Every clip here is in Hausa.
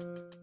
you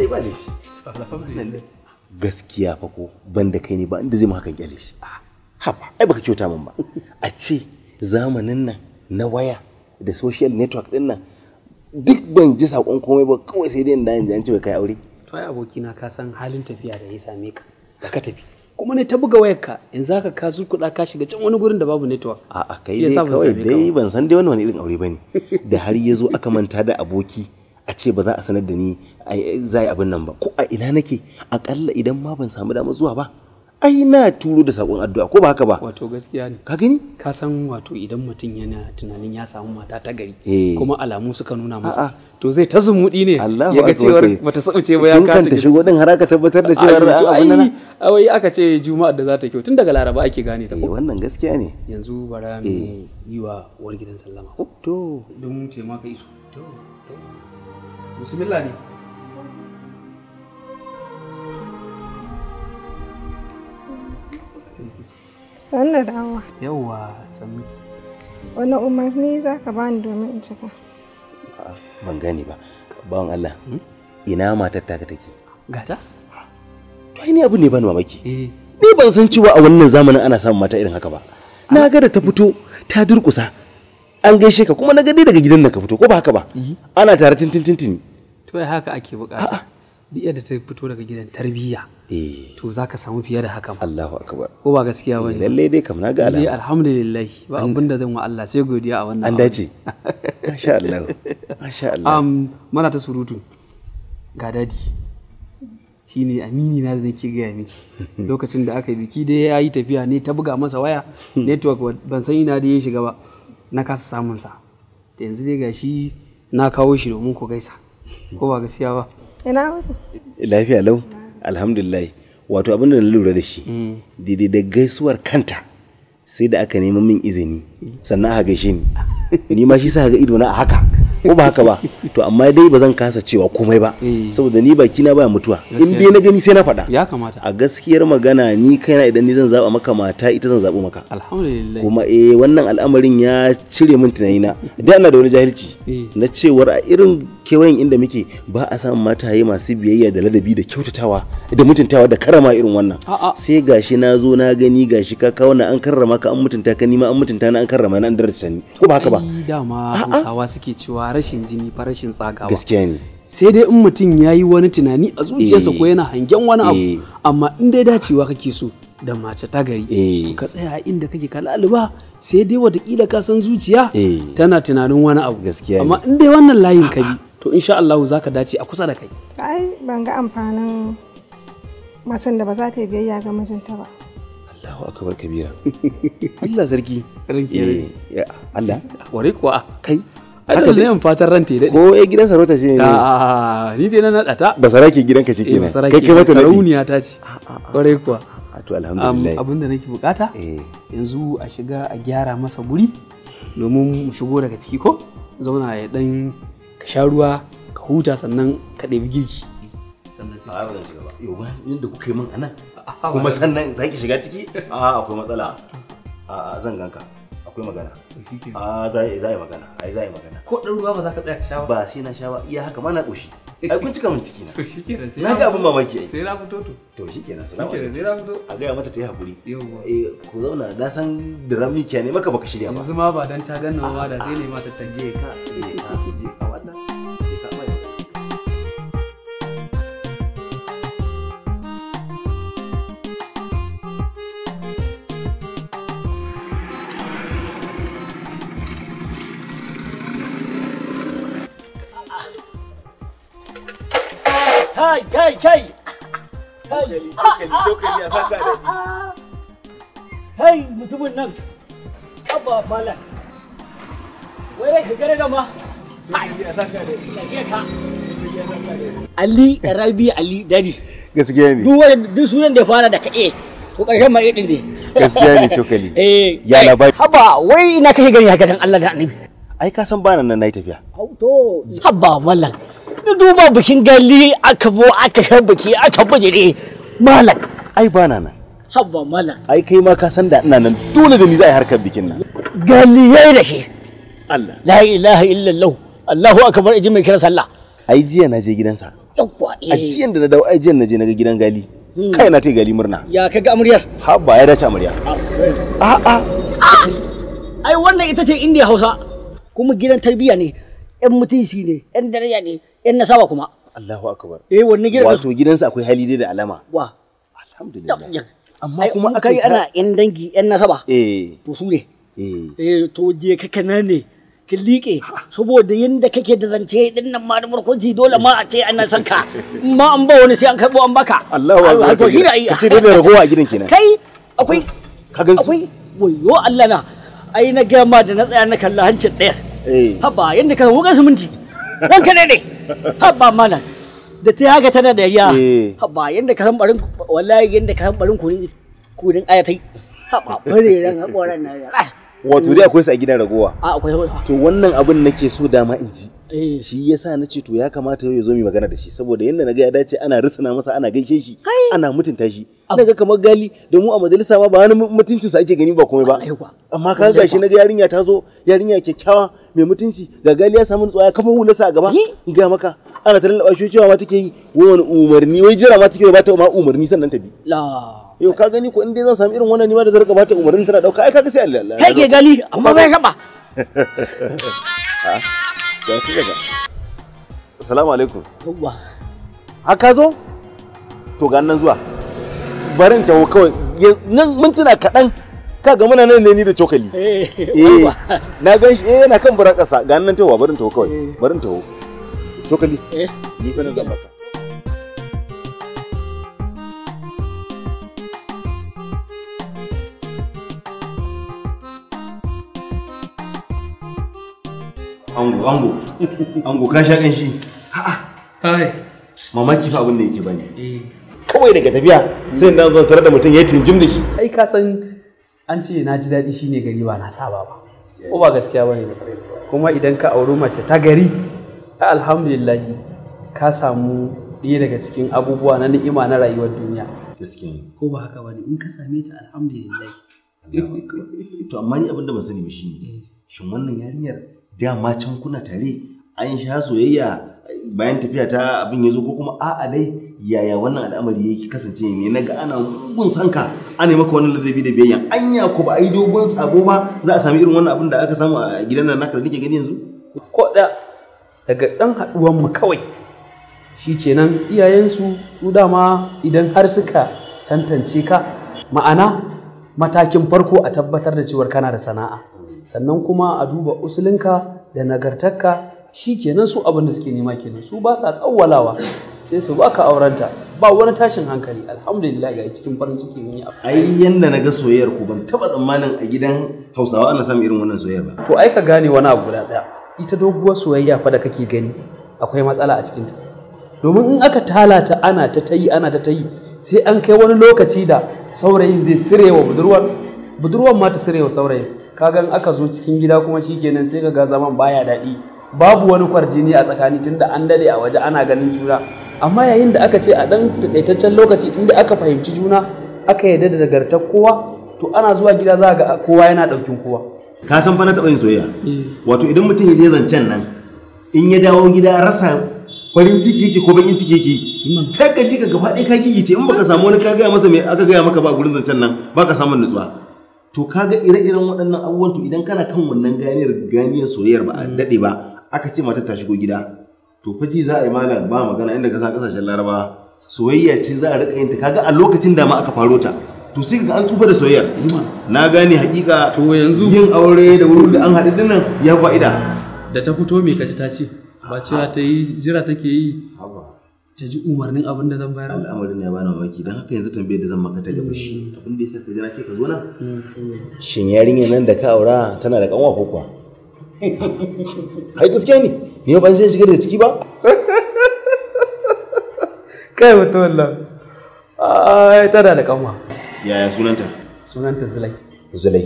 Eh, gaskiya fa ko ban da kai ne ba inda zai mu hakan kyale shi ah, haba ai baka kyauta min ba a ce zamanin nan na waya da social network din nan duk ban ji sakon komai ba kawai sai dai inda yanzu an ce bai kai aure to ai abokina ka san halin tafiya da ya same ka da ka tafi kuma ne ta buga wayarka in za ka su kuɗa ka shiga can wani gurin da babu network a kai dai kawai dai ban san dai wani wani irin aure bane da har ya zo aka manta da aboki a ce ba za a sanar da ni za a yi abin nan ba ko a ina nake akalla idan ma ban samu damar zuwa ba ai na turo da sakon addu'a ko ba haka ba wato gaskiya ne ka gani ka san wato idan mutum yana tunanin ya samu mata ta gari eh. kuma alamu suka nuna masa to zai ta zumudi ne ya ga cewar sabu ce ba ya ka ta shigo din har aka tabbatar da cewar abin nan ai aka ce juma'a da za ta kyau tun daga laraba ake gane ta eh, wannan gaskiya ne yanzu bara mu eh. yi wa uwar gidan sallama to don mu ce ma ka iso to bismillah ne san da dawa yauwa san wani umarni za ka bani domin in cika ban gane ba bawan Allah hmm? ina matar taka take gata to ai ni abu ne ban mamaki eh. ni ban san cewa a wannan zamanin ana samun mata irin haka ba na ga da ta fito ta durkusa an gaishe ka kuma na gani daga gidan da ka fito ko ba haka ba eh. ana tare tintin tintini to ai haka ake bukata duk yadda ta fito daga gidan tarbiyya eh. to za ka samu fiye da haka Allahu akbar ko ba gaskiya ba ne eh, lalle dai kam naga alhamdu alhamdulillah ba abin da zan wa Allah sai godiya a wannan an dace masha Allah masha Allah um mana ta surutu ga dadi shine amini na da nake gaya miki lokacin da aka yi biki dai yayi tafiya ne ta buga masa waya network ban san ina da ya shiga ba na kasa samun sa yanzu dai gashi na kawo shi domin ku gaisa ko ba gaskiya ba ina lafiya lau alhamdulillah wato abin da na lura da shi mm. daidai da gaisuwar kanta sai da aka neman min izini sannan aka gaishe ni ni ma shi sa ga ido na a haka ko ba haka ba to amma dai ba zan kasa cewa komai ba eh. saboda ni baki na baya mutuwa in dai na gani sai na faɗa ya kamata a gaskiyar magana ni kaina idan ni zan zaba maka mata ita zan zabo maka alhamdulillah kuma eh wannan al'amarin ya cire min tunani na dai ana da wani jahilci eh. na cewar a irin kewayen inda muke ba a samun mataye masu biyayya da ladabi da kyautatawa da mutuntawa da karama irin wannan sai gashi na zo na gani gashi ka kawo na an karrama ka an mutunta ka ni ma an mutunta na an karrama nan da sani ko ba haka ba dama hausawa suke cewa rashin jini fa rashin tsagawa gaskiya ne sai dai in mutum ya yi wani tunani a zuciyarsa eh. ko yana hangen wani abu eh. amma in dai dacewa kake so da mace ta gari eh. ka tsaya inda kake kalaluba sai dai watakila ka san zuciya tana tunanin wani abu gaskiya amma in dai wannan layin ka bi to insha Allah za ka dace a kusa da kai ai ban ga amfanin macen da ba za ta yi biyayya ga mijinta ba Allahu akbar kabira. Allah sarki. Ranki. Eh, Allah. Ware kuwa kai. Haka ne fatar ranta dai. Ko eh gidan sarauta ce ne. A ni dai na nada ta. gidan gidanka ce eh, kenan. Kai kai mata sarauniya ta ce. Ware kuwa. To alhamdulillah. Abin da nake bukata eh. yanzu a shiga a gyara masa guri domin mu shigo daga ciki ko zauna ya dan ka sha ruwa ka huta sannan ka ɗebi girki. Sannan sai. ba. yau ba yanda kuka yi min anan. kuma sannan za ki shiga ciki a akwai matsala a zan ganka akwai magana a za yi magana a za yi magana ko ɗan ruwa ba za ka tsaya ka sha ba sai na sha ba iya haka ma na ƙoshi ai kun cika min ciki na to shikenan sai na ga abin mamaki ai sai na fito to to shikenan na fito sai na fito a gaya mata ta yi hakuri eh ku zauna na san drama ke ne maka baka shirya ba yanzu ma ba dan ta ganna ba da sai ne ma ta taje ka eh ka je kai kai mutumin nan abba malam wai rai ka gare da ma Ali Rabi Ali Dadi. Gaskiya ne. Duk duk sunan da ya fara da ka E to karshen mai din ne. Gaskiya ne cokali. Eh. Ya labari. Haba wai ina kashe gari haka dan Allah da Annabi. Ai ka san bana nan nayi tafiya. To. Haba mallan. na duba bikin gali aka bo aka shan biki aka bijire malam ai ba na nan habba malak ai kai ma ka san da ina nan dole da ni za a yi harkar bikin nan gali yayi da shi Allah la ilaha illallah Allahu akbar iji mai kira sallah ai jiya na je gidansa yawwa eh a jiyan da na dawo ai na je na ga gidan gali hmm. kai na ta gali murna ya kaga amurya. habba ya dace amurya. Ah. a a ah! ai wannan ita ce indiya hausa kuma gidan tarbiyya ne yan mutunci ne yan daraja ne yan nasaba kuma Allahu akbar eh wannan gidan wato gidansa akwai hali dai da alama wa alhamdulillah amma kuma aka yi ana yan dangi yan nasaba eh to su ne eh, eh to je kaka nan ne ki liƙe saboda yadda kake da zance din nan ma da murkunci dole ma a ce ana son ka in ma an ba wani sai an karɓo an baka Allahu akbar to shi ne ai ce dai ragowa a gidan kenan kai akwai ka gan akwai wayo Allah na ai na gama da na tsaya na kalla hancin ɗaya eh haba yanda ka wuga su minti ranka ne ne Haba mana. Da ta haka tana da riya. Eh. Haba yanda ka san barin wallahi yanda ka san barin kurin kurin ayatai. Habba ran hakoran nan. Ah. Wato dai akwai su a gidan ragowa. A ah, akwai. To wannan abin nake so dama in ji. Eh. shi yasa na ce to ya kamata yau ya zo mi magana da shi saboda yanda naga ya dace ana risana masa ana gaishe shi ana mutunta shi naga kamar gali da mu a majalisa ba wani mutuncin sa ake gani ba komai ba amma ka ga shi naga yarinya ta zo yarinya kyakkyawa mai mutunci ga gali ya samu nutsuwa ya kafa hulasa a gaba in gaya maka ana tare da bashi cewa ma take yi wani umarni wai jira ma take ba ta ma umarni sannan ta bi la yo ka gani ko in dai zan samu irin wannan ma da zarka ba ta umarni tana dauka ai kaga sai Allah Allah kai gali amma bai gaba. da ki daga assalamu alaikum yawwa haka zo to ga nan zuwa barin tawo kawai nan mintuna kaɗan ka ga muna nan ne ni da cokali eh, eh na gan shi eh na kan bura kasa ga nan tawa barin tawo kawai eh. barin tawo cokali eh ni fa na ango ango ango ka sha kan shi a'a mamaki fa abin da yake bani eh. kawai daga tafiya sai na zo tare da mutum ya tinjim da shi ai ka san an ce na ji daɗi shine gari ba na saba ba ko ba gaskiya bane ba kuma idan ka auri mace ta gari alhamdulillah ka samu ɗaya daga cikin abubuwa na ni'ima na rayuwar duniya ko ba haka bane in ka same ta alhamdulillah to amma ni abin da sani ba shine eh. shin wannan yarinyar dama can kuna tare an sha soyayya bayan tafiya ta abin ya zo ko kuma a'a dai yaya wannan al'amari yake kasance ne na ga ana mugun sanka ana maka wannan ladabi da biyayya anya ko ba a yi dogon sabo ba za a sami irin wannan abin da aka samu a gidan nan naka da nake gani yanzu ko da daga dan haduwan mu kawai shikenan iyayensu su dama idan har suka tantance ka ma'ana matakin farko a tabbatar da cewar kana da sana'a sannan kuma a duba usulinka da nagartarka shi kenan su abin da suke nema kenan su ba sa tsawwalawa sai su baka aurenta ba wani tashin hankali alhamdulillah ga cikin farin ciki mun yi ai yanda na ga soyayyar ku ban taba tsammanin a gidan Hausawa ana samun irin wannan soyayya ba to ai ka gane wani abu guda daya ita doguwar soyayya fa da kake gani akwai matsala a cikinta domin in aka talata ana ta tayi ana ta tayi sai an kai wani lokaci da saurayin zai sirewa budurwar budurwar ma ta sirewa saurayin kagan aka zo cikin gida kuma shikenan sai ka ga zaman baya daɗi babu wani kwarjini a tsakani tunda an dade a waje ana ganin juna amma yayin da aka ce a dan taƙaitaccen lokaci inda aka fahimci juna aka yarda da nagartar kowa to ana zuwa gida za ga kowa yana ɗaukin kowa ka san fa na taɓa yin soyayya eh. wato idan mutum ya je zancen nan in ya dawo gida rasa farin ciki yake ko bakin ciki yake sai ka ji ka gaba ɗaya ka gigice in baka samu wani ka gaya masa mai aka gaya maka ba a gurin zancen nan baka samun nutsuwa to kaga ire-iren waɗannan abubuwan to idan kana kan wannan ganiyar ganiyar soyayyar ba a daɗe ba aka ce matar ta shigo gida to ji za a yi malam ba magana inda ka sa kasashen laraba soyayya ce za a rika yin ta kaga a lokacin da ma aka faro ta to sai kaga an tsufa da soyayyar na gane hakika to yanzu yin aure da wurin da an haɗu dinnan ya fa'ida da ta fito me kaji ta ce ba cewa ta yi jira take yi ta ji umarnin abin da zan bayar al'amarin ya bani mamaki don haka yanzu tambayar da zan maka ta gaba shi hmm. abin da ya saka jira ce ka zo nan hmm. shin yarinyar nan da ka aura tana da kanwa ko kuwa ai gaskiya ne ne ban zai shiga da ciki ba kai mutu wallah ai tana da kanwa yaya sunanta sunanta zulai zulai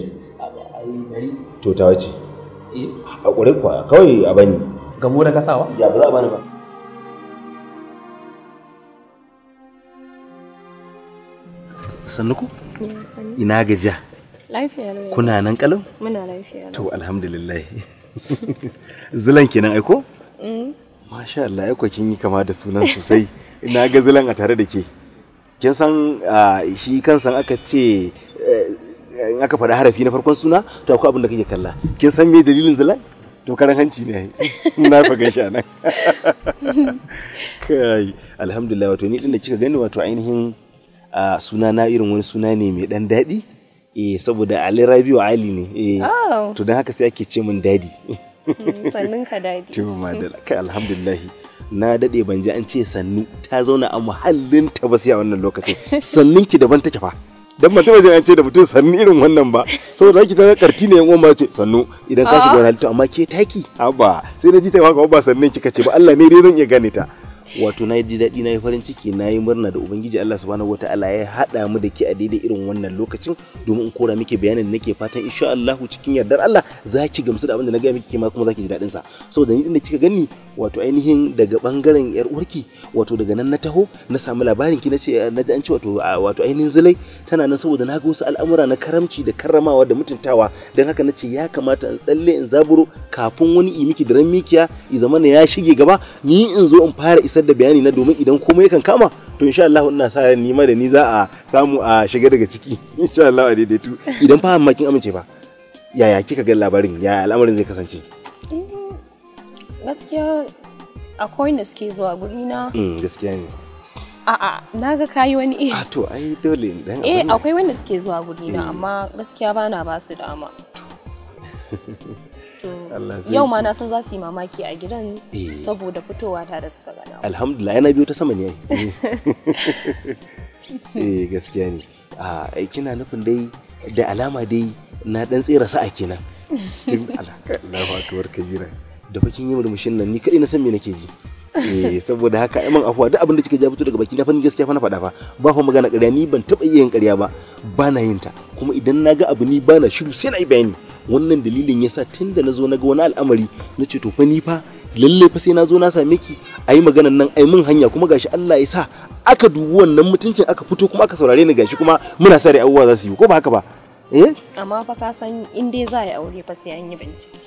to ta wace eh. a ƙure kuwa kawai a bani gamo da kasawa ya ba za a bani ba sannu ku ina gajiya lafiya kuna nan kalau muna lafiya to alhamdulillah zilan kenan aiko? Mm. Masha Allah aiko kin yi kama da sunan sosai. Na ga zilan a tare da ke. Kin san shi kansan aka ce eh, in aka faɗa harafi na farkon suna to akwai abin da kake kalla. Kin san me dalilin zulan To karan hanci ne ai Na fa gaisha nan. Kai alhamdulillah wato ni din da kika gani wato ainihin suna na irin wani suna ne mai dan daɗi. eh saboda Ali Rabiu Ali ne eh oh. to dan haka sai ake ce min dadi hmm, sannun ka dadi to madalla kai alhamdulillah na dade ban ji an ce sannu ta zauna a muhallin ta ba sai a wannan lokacin sannun ki daban take fa dan ban taba an ce da mutum sannu irin wannan ba saboda ki ga karti ne yan uwan ce sannu idan ka shiga oh. wani to amma ke taki abba sai na ji ta ba ba sannin kika ce ba Allah ne dai zan iya gane ta wato na ji daɗi na yi farin ciki na yi murna da ubangiji Allah subhanahu wataala ya haɗa mu da ke a daidai irin wannan lokacin domin in kora miki bayanin da nake fatan insha Allah cikin yardar Allah za ki gamsu da abin da na ga miki ma kuma za ki ji daɗinsa sa saboda ni din da kika gani wato ainihin daga bangaren yar uwarki wato daga nan na taho na samu labarin ki nace na ji an ce wato wato ainihin zulai tana nan saboda na ga wasu al'amura na karamci da karramawa da mutuntawa don haka na ce ya kamata in tsalle in zaburo kafin wani i miki da ran mikiya i zamanin ya shige gaba ni in zo in fara isar da bayani na domin idan komai kan kama to insha Allah ina sa ran nima da ni za a samu a shiga daga ciki insha Allah a daidaitu idan fa amma kin amince ba yaya kika ga labarin yaya al'amarin zai kasance eh, gaskiya akwai da suke zuwa guri na hmm, gaskiya ne a'a na ga kayi wani eh to ai dole dan eh akwai wanda suke zuwa guri na hmm. amma gaskiya bana ba su dama yau ma na san za su yi mamaki a gidan eh. saboda fitowa ta da suka gana alhamdulillah yana biyu ta sama ne eh gaskiya ne a kina nufin dai da alama dai na dan tsira sa'a kenan tun alaka Allahu kabira da fakin yi murmushin nan ni kadai na san me nake ji Eh, saboda haka ai man afuwa duk abin da kika ja fito daga baki na fa ni gaskiya fa na faɗa fa ba fa magana ƙarya ni ban taɓa yin ƙarya ba ba na yin ta kuma idan na ga abu ni ba na shiru sai na yi bayani wannan dalilin yasa tun da na zo na ga wani al'amari na ce to fa ni fa lalle fa sai na zo na same ki ayi maganan nan ai mun hanya kuma gashi Allah ya sa aka dubi wannan mutuncin aka fito kuma aka saurare ni gashi kuma muna sare da abubuwa za su yi ko ba haka ba eh amma fa ka san in dai za a yi aure fa sai an yi bincike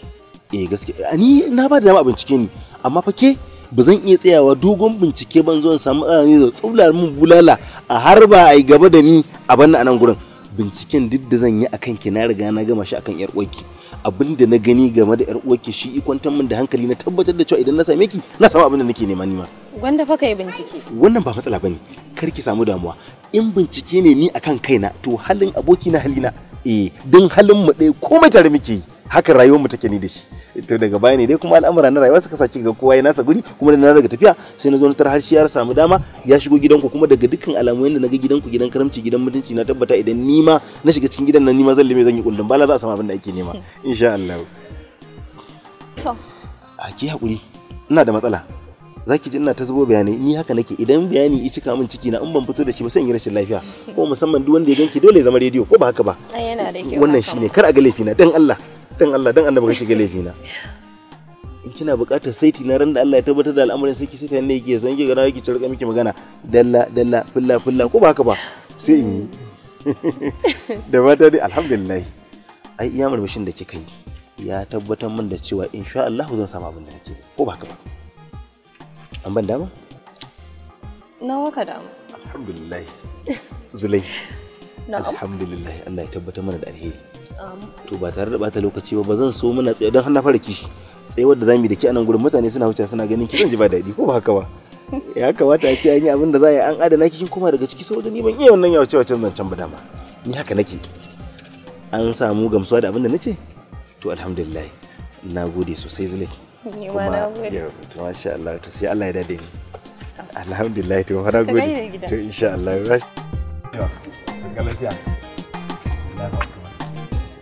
eh gaskiya ni na ba da dama a bincike ne amma fa ke ba zan iya tsayawa dogon bincike ban zo samu ah, ne da tsaular mun bulala a har ba a yi gaba da ni a banna a nan gurin binciken duk da zan yi akan ki na riga na gama shi akan yar uwarki abin da na gani game da yar uwarki shi ikwantar min da hankali na tabbatar da cewa idan na same ki na samu abin da nake nema nima gwanda fa kai bincike wannan ba matsala bane kar ki samu damuwa in bincike ne ni akan kaina to halin aboki na halina eh din halin mu ɗaya komai tare muke yi haka rayuwar mu take ni da shi to daga baya ne dai kuma al'amura na rayuwa suka saki ga kowa ya nasa guri kuma da na daga tafiya sai na zo na tar har shi ya samu dama ya shigo gidanku kuma daga dukkan alamu yanda na ga gidanku gidan karamci gidan mutunci na tabbata idan ni ma na shiga cikin gidan nan ni ma zan lime zan yi kullum bala za a samu abin da ake nema insha Allah to a ki hakuri ina da matsala zaki ji ina ta zubo bayanai ni haka nake idan bayani ya cika min ciki na in ban fito da shi ba sai in yi rashin lafiya ko musamman duk wanda ya ganki dole ya zama rediyo ko ba haka ba wannan shine kar a ga laifi dan Allah dan Allah dan annabi ka shiga fina in kina bukatar saiti na ran da Allah ya tabbatar da al'amarin sai ki saita ne yake zo in ki gana yake cirka miki magana dalla dalla fulla fulla ko ba haka ba sai in yi da mata dai alhamdulillah ai iya murmushin da kika yi ya tabbatar min da cewa insha Allah zan samu abin da nake ko ba haka ba an ban dama nawa ka dama alhamdulillah zulai alhamdulillah Allah ya tabbatar mana da alheri to ba tare da bata lokaci ba ba zan so muna tsaye don hana fara kishi tsayuwar da zamu yi da ke anan gurin mutane suna wuce suna ganin ki zan ji ba daɗi ko ba haka ba ya kamata a ce an yi abin da za a yi an adana ki kin koma daga ciki saboda ni ban iya wannan yawace wacen zancen ba dama ni haka nake an samu gamsuwa da abin da nace to alhamdulillah na gode sosai zulai kuma to masha Allah to sai Allah ya dade ni alhamdulillah to fara gode to insha Allah ya ga lafiya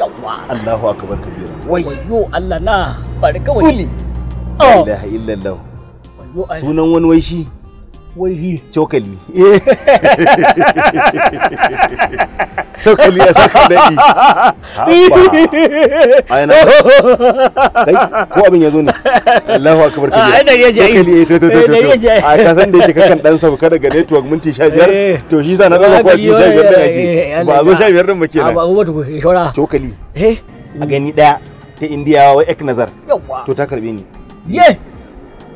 yawa Allahu akbar kabira wai wayo Allah na bari kawai oh. la ilaha illallah sunan wani wai shi wai cokali cokali ya saka daɗi kai ko abin ya zo ne Allahu akbar cokali eh, eh, ya a ka san da yake kakan dan sauka daga network minti eh. to shi sa na ko a cikin 15 da yake ba a zo din ba kenan ba cokali a gani ta indiyawa wai ek nazar to ta ni ye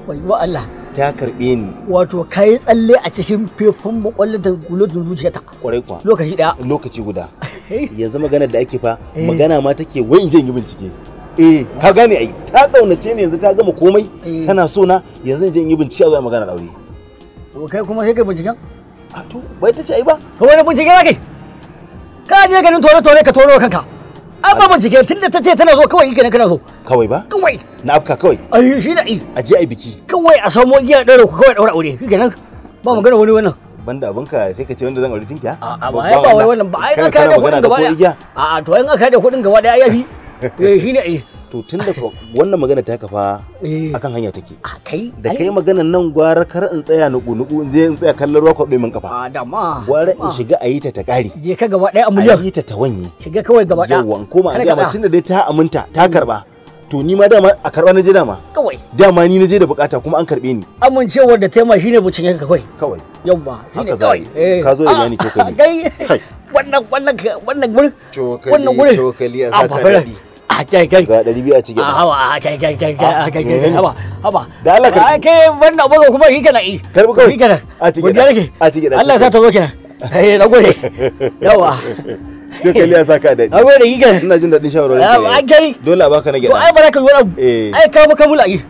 wai wa Allah ta karɓe ni wato ka yi tsalle a cikin fefan makwallon da gulotin zuciyata. kwarai kuwa lokaci daya lokaci guda eh. yanzu maganar da ake fa eh. magana ma take wai in je in yi bincike eh ka gane ai ta ɗaunace ni yanzu ta gama komai eh. tana so na yanzu in je in yi bincike a zuwa maganar aure kai kuma sai kai binciken a to bai ta ce ai ba ka wani bincike za kai ka je ganin tore tore ka toro kanka an ba bincike tunda ta ce tana zo kawai kenan kana zo kawai ba kawai na afka kawai ai shi na yi a je ai biki kawai a samo giya daura ku kawai daura aure kenan ba magana wani wannan banda abinka sai ka ce wanda zan aure tinkiya ha ba ai ba wai wannan ba ai ka da kuɗin gaba a to in aka da kuɗin gaba da ai yafi eh shi ne eh to tun da wannan magana ta kafa eh. a kan hanya take da kai magana nan gwara kar in tsaya nuku nuku in je in tsaya kallon ruwa kwaɓe min kafa a dama gwara in shiga a yi ta ta ƙari je ka gaba ɗaya a miliyan a yi ta ta wanye shiga kawai gaba ɗaya yawan koma a gaba tun da dai ta aminta ta karɓa to ni ma dama a karba na je dama kawai dama ni na je da bukata kuma an karbe ni amincewar da tema shine bucin yanka kawai kawai yamma shine kawai eh. ka zo da yani ah, cokali wannan wannan wannan gurin wannan gurin a sa a ah, kai kai ga 200 a cikin ah, hawa ah, kai kai kai kai kai kai hawa hawa da Allah ka kai wannan abuga kuma kike na eh karbi kai kike na a cikin godiya nake a cikin Allah sa ta zo kenan eh na gode yawa sai ka liya saka da ni agode kike ina jin dadin shawarar ka kai dole a baka na gida to ai ba za ka eh. ai ka mu kabula eh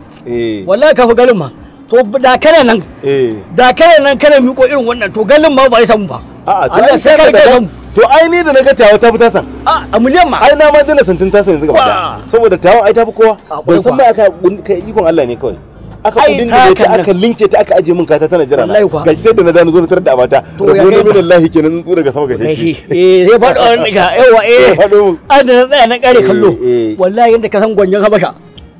wallahi ka fi garin ma to da kana nan eh. da kana nan kana miko irin wannan to galin ma ba ya samu ba a'a to sai ka samu to ai ni da naga tawo tafi ta fi a miliyan ma ai na ma dina santin san yanzu gaba daya saboda tawo ai ta fi kowa ban san ba aka ikon Allah ne kawai aka kudin da ta aka linke ta aka aje min kata tana jira na gashi sai da na dano zo na tarar da abata da gode min Allah kenan nan tsura ga sama ga shi eh sai fado ga yawa eh an da tsaya na kare kallo eh, eh. wallahi yanda ka san gwanjan habasha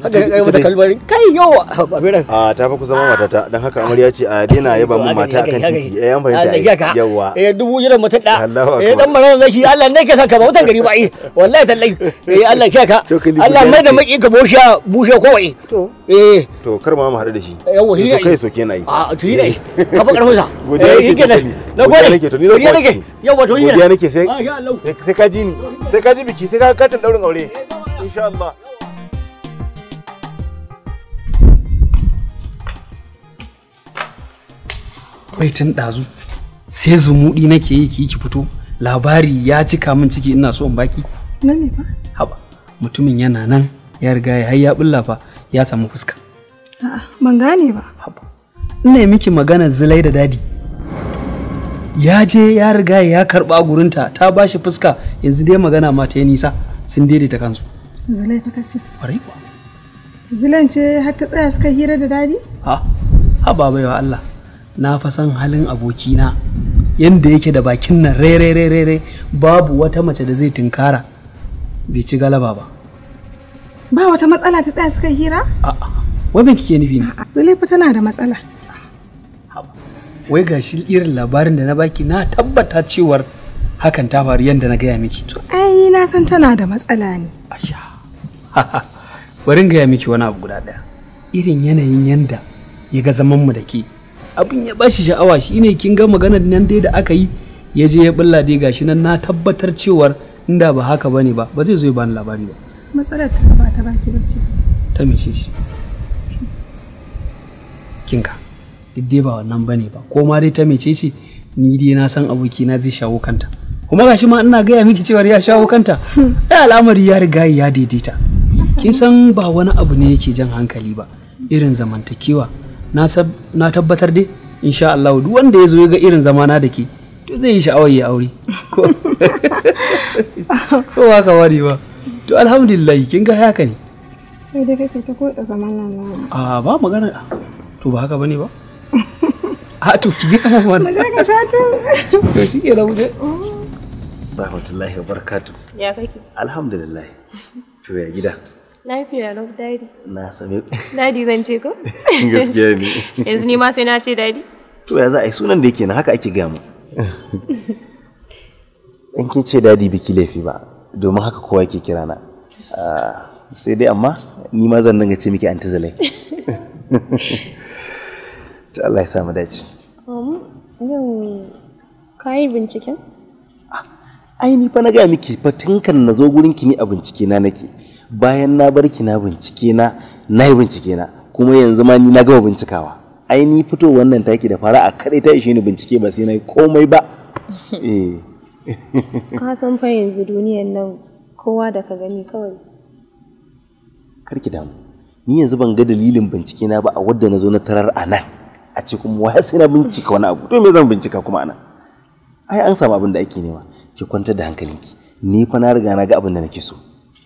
haka ne mata kalmari kai yawa abiran a ta fa kusa zama matata dan haka amarya ce a dena daina yaba mun mata akan titi eh an fahimta yawa eh dubu jiran mata da eh dan maran zaki Allah ne ke san ka ba wutan gari ba eh wallahi tallahi eh Allah ke ka Allah mai da maki ka busha busha kowai to eh to kar ma mu hadu da shi yawa shi kai soke na yi a ah, to yi ne eh. ka fa karfin sa eh yake ne na gode nake to ni zan gode yawa to yi ne godiya nake sai sai ka ji ni sai ka ji biki sai ka katin daurin aure insha Allah kawai tun ɗazu sai zumuɗi nake yi ki ki fito labari ya cika min ciki ina so in baki ne ba haba mutumin yana nan ya riga ya hayya ya bulla fa ya samu fuska a'a ban gane ba haba ina yi miki magana zulai da dadi ya je ya riga ya karba gurinta ta bashi fuska yanzu dai magana ma ta nisa sun daidaita kansu zulai fa kace kwarai kuwa zulan ce har ta tsaya suka hira da dadi ha ha baiwa Allah na fa san halin abokina yadda yake da bakin nan rere babu wata mace da zai tunkara bai ci galaba ba ba wata matsala ta tsaya suka hira a'a wai ban kike nufi ne zulaifa tana da matsala wai ga shi irin labarin da na baki na tabbata cewar hakan ta faru yadda na gaya miki to ai na san tana da matsala ne asha bari gaya miki wani abu guda daya irin yanayin yanda ya ga zamanmu da ke abin ya bashi sha'awa shine kin ga maganar nan dai da aka yi ya je ya bulla dai gashi nan na tabbatar cewar inda ba haka bane ba ba zai zo ya bani labari ba matsalar ta ba ta baki bace ta mishe shi kinka duk dai ba wannan bane ba ko ma dai ta mece ce ni dai na san aboki na zai shawo kanta kuma gashi ma ina gaya miki cewa ya shawo kanta ai al'amari ya riga ya daidaita kin san ba wani abu ne yake jan hankali ba irin zamantakewa na tabbatar dai insha Allah duk wanda ya zo ya ga irin zamana da ke to zai yi sha'awar ya aure ko ba ka wani ba to alhamdulillah kin ga haka ne kai da kake ta koda zaman nan a ba magana to ba haka bane ba a to ki ga mu wannan magana ka shatu to shi ke rabu ne rahmatullahi wa barakatuh ya kake alhamdulillah to ya gida Lafiya lau dadi. Na sami. Dadi zan ce ko? Gaskiya ne. Yanzu ni ma sai na ce dadi. To ya za a yi sunan da yake na haka ake gaya mu. In kin ce dadi biki laifi ba domin haka kowa ke kira na. Ah, sai dai amma ni ma zan dinga ce miki anti zalai. To Allah ya samu dace. Yau ka yi binciken? Ah, ai ni fa na gaya miki fatinkan na zo gurin ki ni a bincike na nake. bayan na barki na bincike na na yi bincike na kuma yanzu ma ni na gama bincikawa ai ni fito wannan taki da fara a kadai ta ishe ni bincike ba sai na yi komai ba eh. ka san fa yanzu duniyan nan kowa da ka gani kawai karki damu ni yanzu ban ga dalilin bincike na ba a wadda na zo na tarar a nan a ce kuma waya sai na bincika wani abu to me zan bincika kuma anan ai an samu abin da ake nema ki kwantar da hankalinki ni fa na riga na ga abin da nake so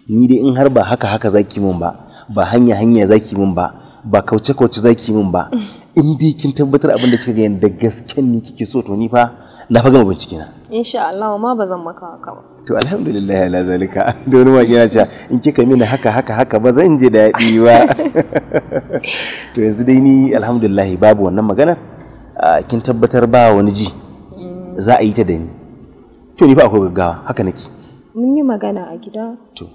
ni dai in har ba haka haka zaki min ba ba hanya hanya zaki min ba ba kauce kauce zaki min ba in dai kin tabbatar abin da kika ga yanda gasken ni kike so to ni fa na fa gama bincike na insha Allah ma ba zan maka haka ba to alhamdulillah ala zalika da wani ma yana cewa in kika mini haka haka haka ba zan ji daɗi ba to yanzu dai ni alhamdulillah babu wannan magana kin tabbatar ba wani ji za a yi ta da ni to ni fa akwai gaggawa haka nake mun yi magana a gida to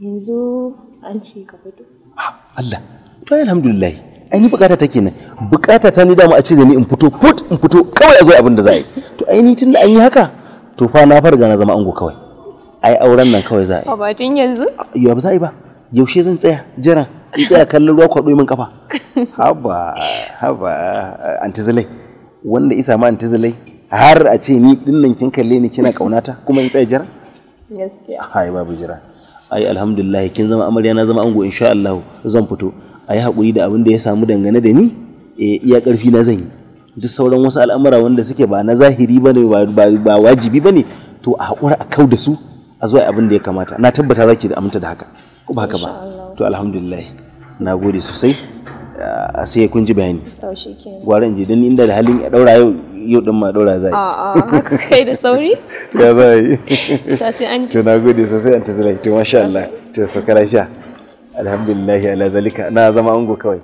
yanzu an ce ka fito ah, Allah to alhamdulillah aini bukata ta kenan bukata ta ni dama a ce da ni in fito put in fito kawai a zo abin da za yi to aini tun tunda an yi haka to fa na farga na zama ango kawai ai auren nan kawai za a yi a batun yanzu ah, ya ba za a yi ba yaushe zan tsaya jira in tsaya kallon ruwa kwaɗo min kafa haba haba antizilai wanda isa ma antizilai har a ce ni dinnan kin kalle ni kina ƙaunata kuma in tsaya jira gaskiya hai babu jira ai alhamdulillah kin zama amarya na zama ango insha Allah zan fito yi hakuri da abin da ya samu dangane da ni eh iya karfi na zan yi duk sauran wasu al'amura wanda suke ba na zahiri bane ba wajibi bane to a hakura a kau da su a zuwa abin da ya kamata na tabbata zaki da aminta da haka ko ba haka ba to alhamdulillah na gode sosai a ah, sai kun ji bayani gwaran je dan inda da halin ya daura yau yau din ma dora za a haka kai da sauri ya za yi ta to na gode sosai an tazira to masha Allah to sakara sha Alhamdulillahi ala zalika na zama ango kawai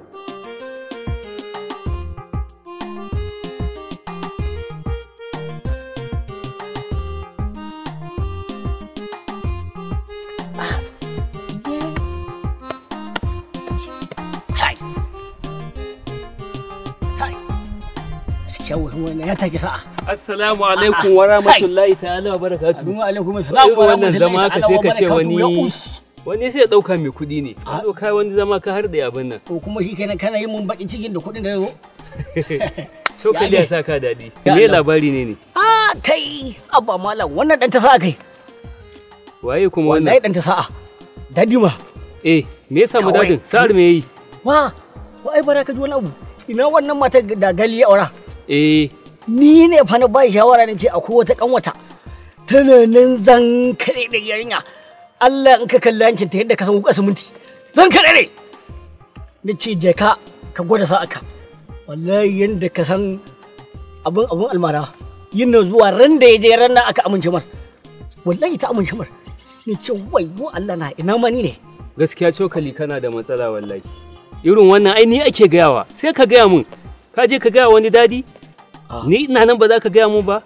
Assalamu alaikum wa rahmatullahi ta'ala wa barakatuhu. Wa alaikum assalam wa Wannan zama ka sai ka ce wani wani sai ya dauka mai kudi ne. zo kai wani zama ka har da ya nan. To kuma shi kenan kana yin mun bakin cikin da kudin da yazo. Cokali ya saka daɗi. Me labari ne ne? a kai abba malam wannan dan ta sa'a kai. Waye kuma wannan? Wallahi dan ta sa'a. Dadi ma. Eh me yasa mu dadin? Sa'ar me yayi? Wa wai baraka ka ji wani abu. Ina wannan matar da gali ya aura? Eh ni ne fa na bai shawara ne ce akwai wata kanwata tana nan zan kare da yarinya Allah in ka kalli hancin ta yadda ka san kasu minti zan kare ne ni ce je ka ka gwada sa aka wallahi yanda ka san abun abun almara yin nan zuwa ran da ya je ran nan aka amince mar wallahi ta amince mar ni ce wai mu Allah na ina mani ne gaskiya cokali kana da matsala wallahi irin wannan ai ni ake gayawa sai ka gaya mun ka je ka gaya wani dadi Ah. Ni ina nan ba za ka gaya mu ba.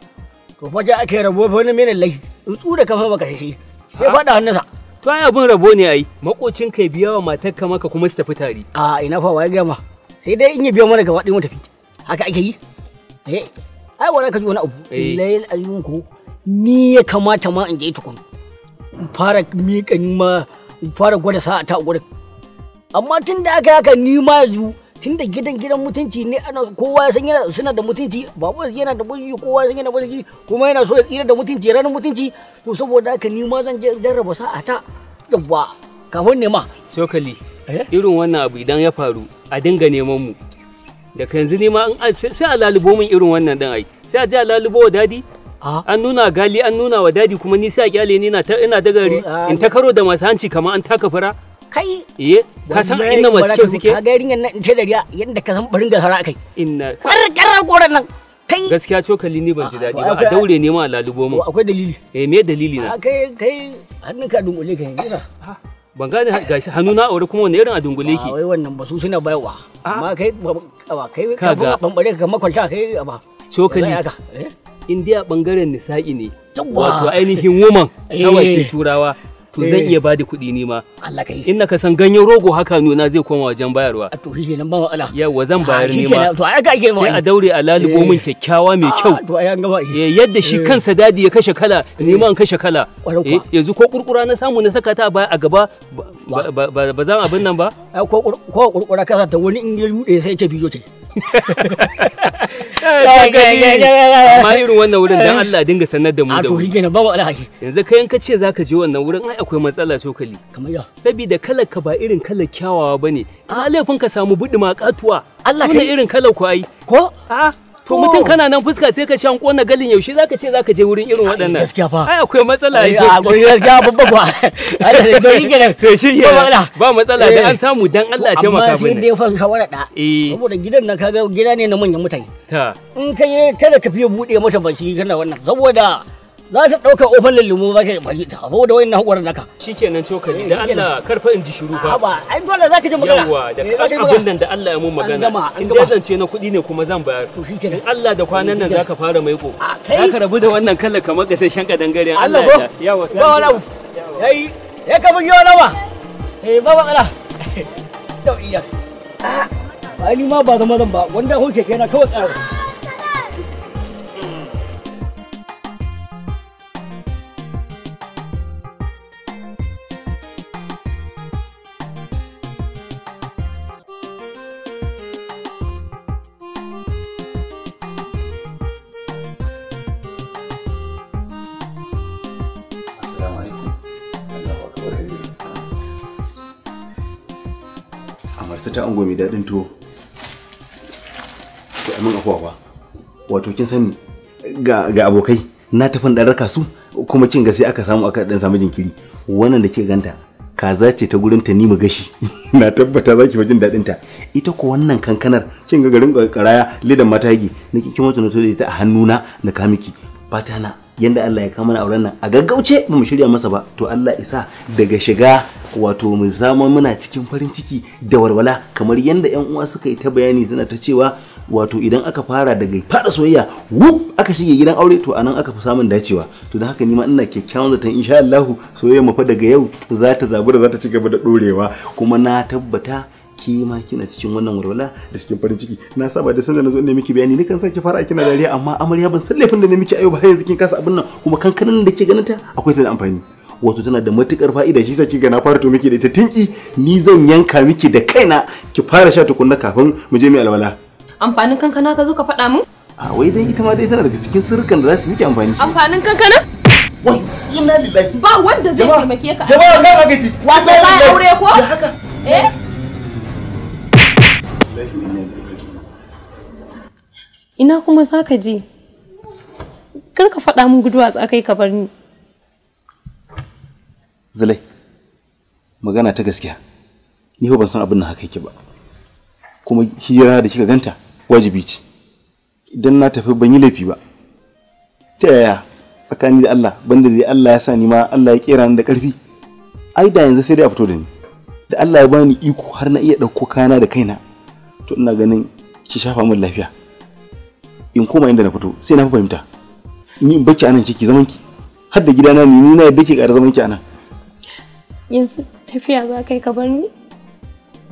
To fa ja ake rabo fa wani mene lai. Tsu da kafa baka shi. Sai ah. faɗa hannunsa. To ai abin rabo ne ai. Makocin kai biya wa matar ka maka kuma su tafi tare. A ina fa wai gama. Sai dai in yi biya mana gaba ɗaya mu tafi. Haka ake yi. Eh. Ai wala ka ji wani abu. Eh. Lai ayyun ko ni ya kamata ma in je tukun. Fara miƙa ma fara gwada sa'a ta gwada. Amma tun da aka haka ni ma yanzu da gidan gidan mutunci ne ana kowa ya san yana suna da mutunci babu yana da mutunci kowa ya san yana mutunci kuma yana so ya tsira da mutunci ranar mutunci to saboda haka ni ma zan jarraba ta yawa kafin ne ma cokali eh? irin wannan abu idan ya faru a dinga neman mu da yanzu ne ma sai a lalubo min irin wannan dan ai sai a je a lalubo wa dadi ah. an nuna gali an nuna wa dadi kuma ni sai a kyale ni na ina dagari ah. in ta karo da masu hanci kamar an taka fura kai eh ka san inna maske suke ka ga yarinyar nan ta dariya yanda ka san barin ga sara kai inna kar kar goran nan kai gaskiya cokali ne ban ji ah, dadi ba a daure ne ma lalubo mu akwai dalili eh me dalili na ah, kai kai hannun ka dungule kai ne ban gane gashi hannu na aure kuma wani irin a dungule ki ah, wai wannan ba su suna baiwa amma kai ba kai ka ga bambare ka makwalta kai ba cokali eh? indiya bangaren nisa'i ne wato ainihin woman na eh. wakin turawa to zan eh. iya bada kuɗi ni ma Allah kai in ka san ganyen rogo haka nuna zai koma wajen bayarwa to shi kenan ba wala yawa zan bayar ni ma to ai ga ma. sai a daure a lalubo eh. min kyakkyawa mai ah, kyau to ai an gaba eh, yadda shi kansa dadi ya kashe kala ni ma an kashe kala yanzu ko kurkura na samu na saka ta baya a gaba ba zan abin nan ba ko kurkura kasa ta wani in ya rude sai ce bijo ce amma irin wannan wurin dan eh. Allah dinga sanar da mu ah, da wuri kenan babu alhaji yanzu kai in ka ce zaka je wannan wurin ai akwai matsala cokali kamar ya saboda kalar ka ba irin kalar kyawawa bane a ah. laifin ka samu buduma katuwa Allah kai irin kalar ku ai ko a ah. To mutum kana nan fuska sai ka shan kona galin yaushe zaka ce zaka je wurin irin waɗannan. Gaskiya fa. Ai akwai matsala yaje. Akwai gaskiya babba ba. Ai da yin gidan. To shi ya. Ba matsala da an eh. samu dan Allah ce maka bane. Amma shi dai fa ka wara da. Eh. Saboda gidan nan kaga gida ne na manyan mutane. Ta. In kai kada ka fiye bude mata baki kana wannan saboda za ta ɗauka ofan lullumu za ka fari ta fo da wayannan hakuran naka shi shikenan cokali da Allah karfa in ji shiru ba ai dole za ka ji magana yawa da eh, abin nan da Allah ya mun magana in dai zance na kuɗi ne kuma zan bayar to shi shikenan Allah da kwanan nan za ka fara maiko za ka rabu da wannan kallon kamar ka sai shanka dangare Allah ya yawa ba wani abu yayi ya ka bugi wani ba eh ba ba ala to iya ba ah, ni ma ba zama zan ba wanda hoke kaina kawai tsaya su ta ango mai daɗin tuwo to amin afuwa wato kin sani ga abokai na tafi ɗan raka su kuma kin ga sai aka samu aka dan samu jinkiri wannan da ke ganta kaza ce ta gurin ta nima gashi na tabbata za ki fi jin daɗin ta ita ko wannan kankanar kin ga garin karaya lidan mataki na kin wato na to da ita a hannuna na kamiki fata na yanda Allah ya kama auren nan a gaggauce ba mu shirya masa ba to Allah isa daga shiga wato mu zama muna cikin farin ciki da walwala kamar yanda yan uwa suka yi ta bayani suna ta cewa wato idan aka fara daga faɗa soyayya wu aka shige gidan aure to anan aka fi samun dacewa to don haka nima ina kyakkyawan zaton insha Allah soyayya mu fa daga yau za ta zabura za ta ci gaba da dorewa kuma na tabbata ke ma kina cikin wannan walwala da cikin farin ciki na saba da sanda na zo ne miki bayani nikan sa ki fara kina dariya amma amarya ban san laifin da ne miki ayo ba yanzu kin kasa abin nan kuma kankanin da ke ganin ta akwai ta da amfani wato tana da matukar fa'ida shi sa kika na fara to miki da ita tinki ni zan yanka miki da kaina ki fara sha tukunna kafin mu je mu alwala amfanin kankana ka zo ka faɗa min a wai dai ita ma dai tana daga cikin sirrukan da za su miki amfani amfanin kankana wai ina lillahi ba wanda zai taimake ka jama'a ga gaji. wato ba aure ko eh Ina kuma za ka je? Kar ka faɗa min guduwa za kai ka bar ni. Zulai, magana ta gaskiya, ni ban san abin nan haka yake ba. Kuma hijira da kika ganta wajibi ce. Idan na tafi ban yi laifi ba. Ta yaya tsakani da Allah, banda da Allah ya sa ni ma Allah ya kera ni da ƙarfi. Ai da yanzu sai dai a fito da ni. Da Allah ya bani iko har na iya ɗauko kayana da kaina. to ina ganin ki shafa min lafiya in koma inda na fito sai na fahimta ni in baki anan kike zaman ki har da gidana ni ni na yadda ke ƙara zaman ki anan yanzu tafiya za kai ka bar ni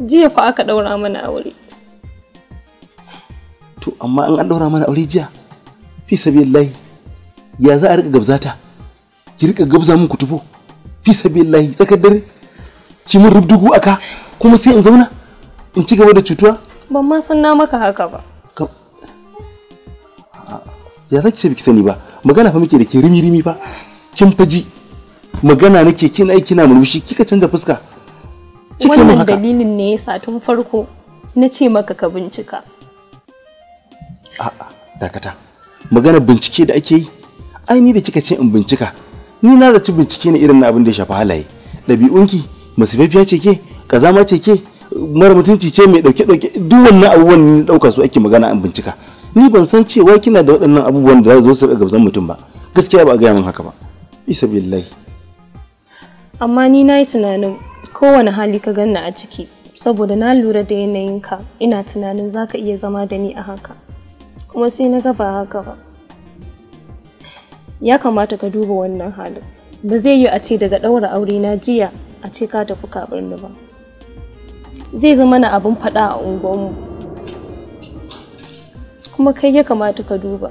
jiya fa aka daura mana aure to amma an an daura mana aure jiya fi sabilillahi ya za a rika gabzata ki rika gabza min kutubo fi sabilillahi tsakar dare ki mun rubdugu aka kuma sai in zauna in ci gaba da cutuwa ban ma san na maka haka ba ya zaki ce biki sani ba magana fa muke da ke rimi rimi ba, kin faji magana nake kin aiki na murmushi kika canza fuska wannan dalilin ne yasa tun farko na ce maka ka bincika a'a dakata magana bincike da ake yi ai ni da kika ce in bincika ni na zaci bincike ne irin na abin da ya shafi halaye ɗabi'unki masifafiya ce ke ma ce ke mara mutunci ce mai dauke dauke duk wannan abubuwan ne dauka su ake magana an bincika ni ban san cewa kina da waɗannan abubuwan da za su ga gabzan mutum ba gaskiya ba a gaya min haka ba isa billahi amma ni nayi tunanin kowane hali ka ganna a ciki saboda na lura da yanayinka ina tunanin zaka iya zama da ni a haka kuma sai na ga ba haka ba ya kamata ka duba wannan halin ba zai yi a ce daga ɗaura aure na jiya a ce ka tafi kaɓar ba zai zama na abin faɗa a unguwanmu kuma kai ya kamata ka duba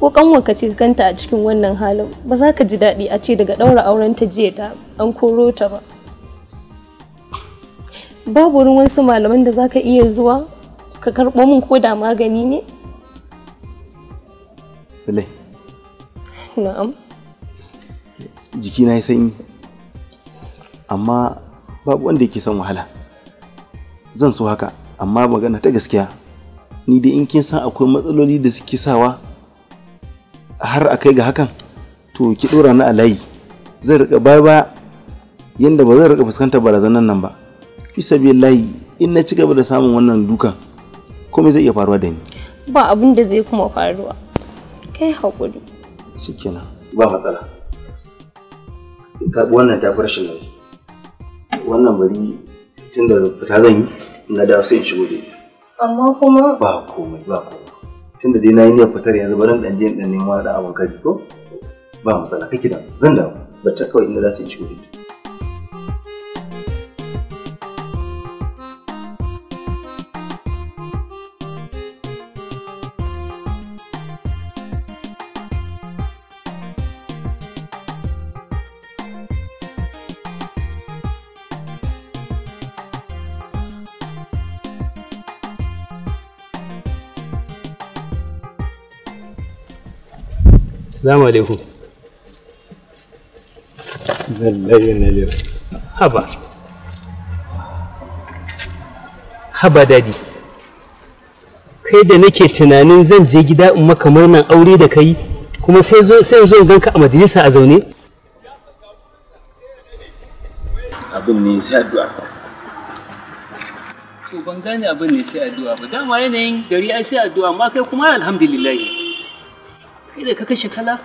ko ka ce kanta a cikin wannan halin ba za ka ji daɗi a ce daga ɗaura auren ta jiya ta an koro ta ba babu wurin wasu malaman da za ka iya zuwa ka karɓo min ko da magani ne Bile. Na'am. Jikina ya sanyi, amma babu wanda yake son wahala. zan so haka amma magana ta gaskiya ni dai in kin san akwai matsaloli da suke sawa har a kai ga hakan to ki dora ni a layi zan rika baya ba yanda ba zan rika fuskantar barazanan nan ba fi layi in na ci gaba da samun wannan dukan komai zai iya faruwa da ni ba abin da zai kuma faruwa kai hakuri shikenan ba matsala wannan ta farshin wannan bari da fita zan yi na da sai in shigo da ita amma kuma ba komai ba komai da dai na yi niyyar fitar yanzu barin dan ɗan dan nema da abun kai ko ba matsala kake da zan dawo bacci kawai inda za su shigo da ita Salamu alaikum. Lallai na lera. Haba. Haba dadi. Kai da nake tunanin zan je gida in maka murnan aure da kai kuma sai zo sai zo ganka a majalisa a zaune. Abin ne sai addu'a. To ban gane abin ne sai addu'a ba dama yanayin gari ai sai addu'a amma kai kuma alhamdulillah. kai da ka kashe kala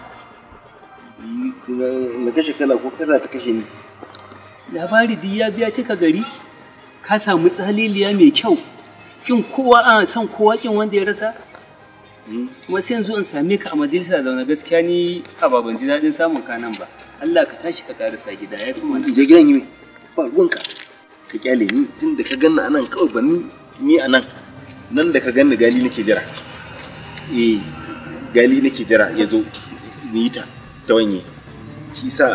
na kashe kala ko kala ta kashe ni labari duk ya biya cika gari ka samu tsaliliya mai kyau kin kowa a san kowa kin wanda ya rasa hmm. kuma sai yanzu in same ka a majalisa zauna gaskiya ni a baban ji daɗin samun ka nan ba Allah ka tashi ka karasa gida ya kuma je gidan yi ba ruwanka ka kyale ni tun da ka ganna anan kawai ba ni ni anan nan da ka ganni gali nake jira eh gali nake jira ya zo ta ta wanye shi sa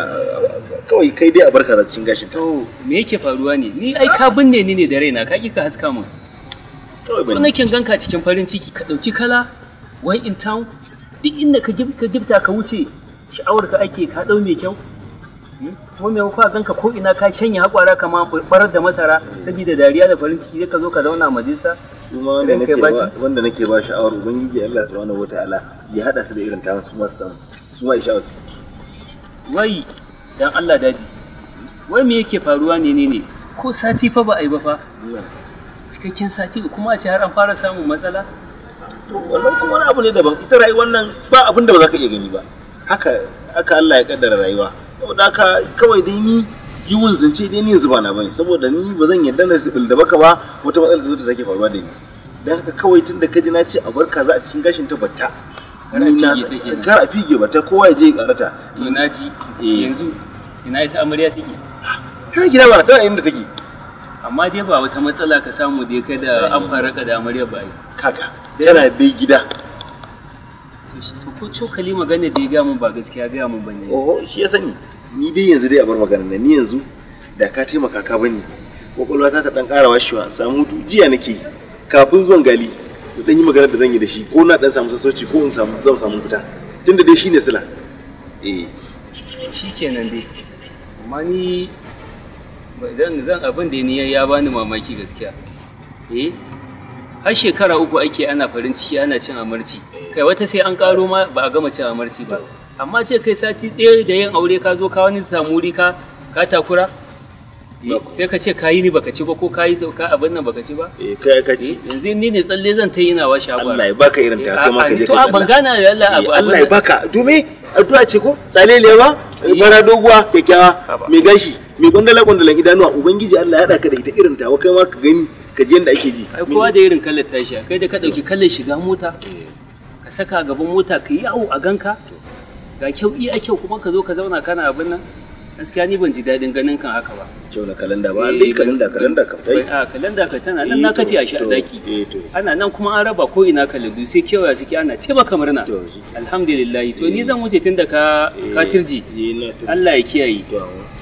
kawai kai dai a barka da gashin to me yake faruwa ne ni ai ka binne ni ne da raina ka ki ka haska mun kawai so nake ganka cikin farin ciki ka dauki kala wai in town duk inda ka gibta ka wuce sha'awar ka ake ka dau mai kyau ko me kuwa ganka ko ina ka shanya hakwara kama barar da masara saboda dariya da farin ciki ka zo ka zauna majalisa wanda nake ba sha'awar ubangiji Allah subhanahu wataala ya hada su da irin ta su ma san su ma isha su wai dan Allah daji wai me yake faruwa ne ne ne ko sati fa ba a yi ba fa cikakken sati kuma a ce har an fara samun matsala to wannan kuma wani abu ne daban ita rayuwar nan ba abin da ba za ka iya gani ba haka haka Allah ya kaddara rayuwa saboda haka kawai dai ni yiwun zance dai ni yanzu ba na bane saboda ni ba zan yarda na sibil da baka ba wata matsala da zata sake faruwa da ni dan haka kawai tun da kaji na ce a bar kaza a cikin gashin ta batta kar a fige batta kowa ya je ya karata to na ji eh. yanzu ina ita amarya take har gida ba ta inda take amma dai ba wata matsala ka samu dai kai da an faraka da amarya ba kaka tana bai gida ko cokali magana da ya ga mun ba gaskiya ga mun bane oho shi ya sani ni dai yanzu dai a bar magana nan ni yanzu da ka taimaka ka bani kwakwalwa ta ta dan ƙara washewa samu hutu jiya nake kafin zuwan gali da dan yi maganar da zan yi da shi ko na dan samu sassauci ko in samu zan samu fita tunda dai shine sila eh kenan dai amma ni zan zan abin da ni ya bani mamaki gaskiya eh har shekara uku ake ana farin ciki ana cin amarci kai wata sai an karo ma ba a gama cin amarci ba amma ce kai sati ɗaya da yin aure ka zo ka wani samu wuri ka ka takura eh, sai ka ce ka yi ni baka ci ba ko ka yi sauka abin nan baka ci ba eh kai ka ci eh, yanzu ni ne tsalle zan ta yi nawa shabara Allah ya baka irin ta eh, kuma ka je ka to ban gana ya Allah abu Allah ya baka dume addu'a ce ko ba mara doguwa kyakkyawa mai gashi mai gondala gondala idanuwa ubangiji Allah ya hada ka da ita irin ta kai ma ka gani ka je yadda ake ji ai kowa da irin kallar tashi kai da ka dauki kallar shiga mota ka saka gaban mota ka yi yawo a ganka ga kyau iya kyau kuma ka zo ka zauna kana abin nan gaskiya ni ban ji daɗin ganin kan haka ba cewa na kalanda ba eh, dai kalanda kalanda ka dai a kalanda ka tana nan eh na kafi a shi a daki eh ana nan kuma an raba ko ina kalandu sai kewa suke ana taimaka na. alhamdulillah to ni zan wuce tun da ka katirji Allah ya kiyaye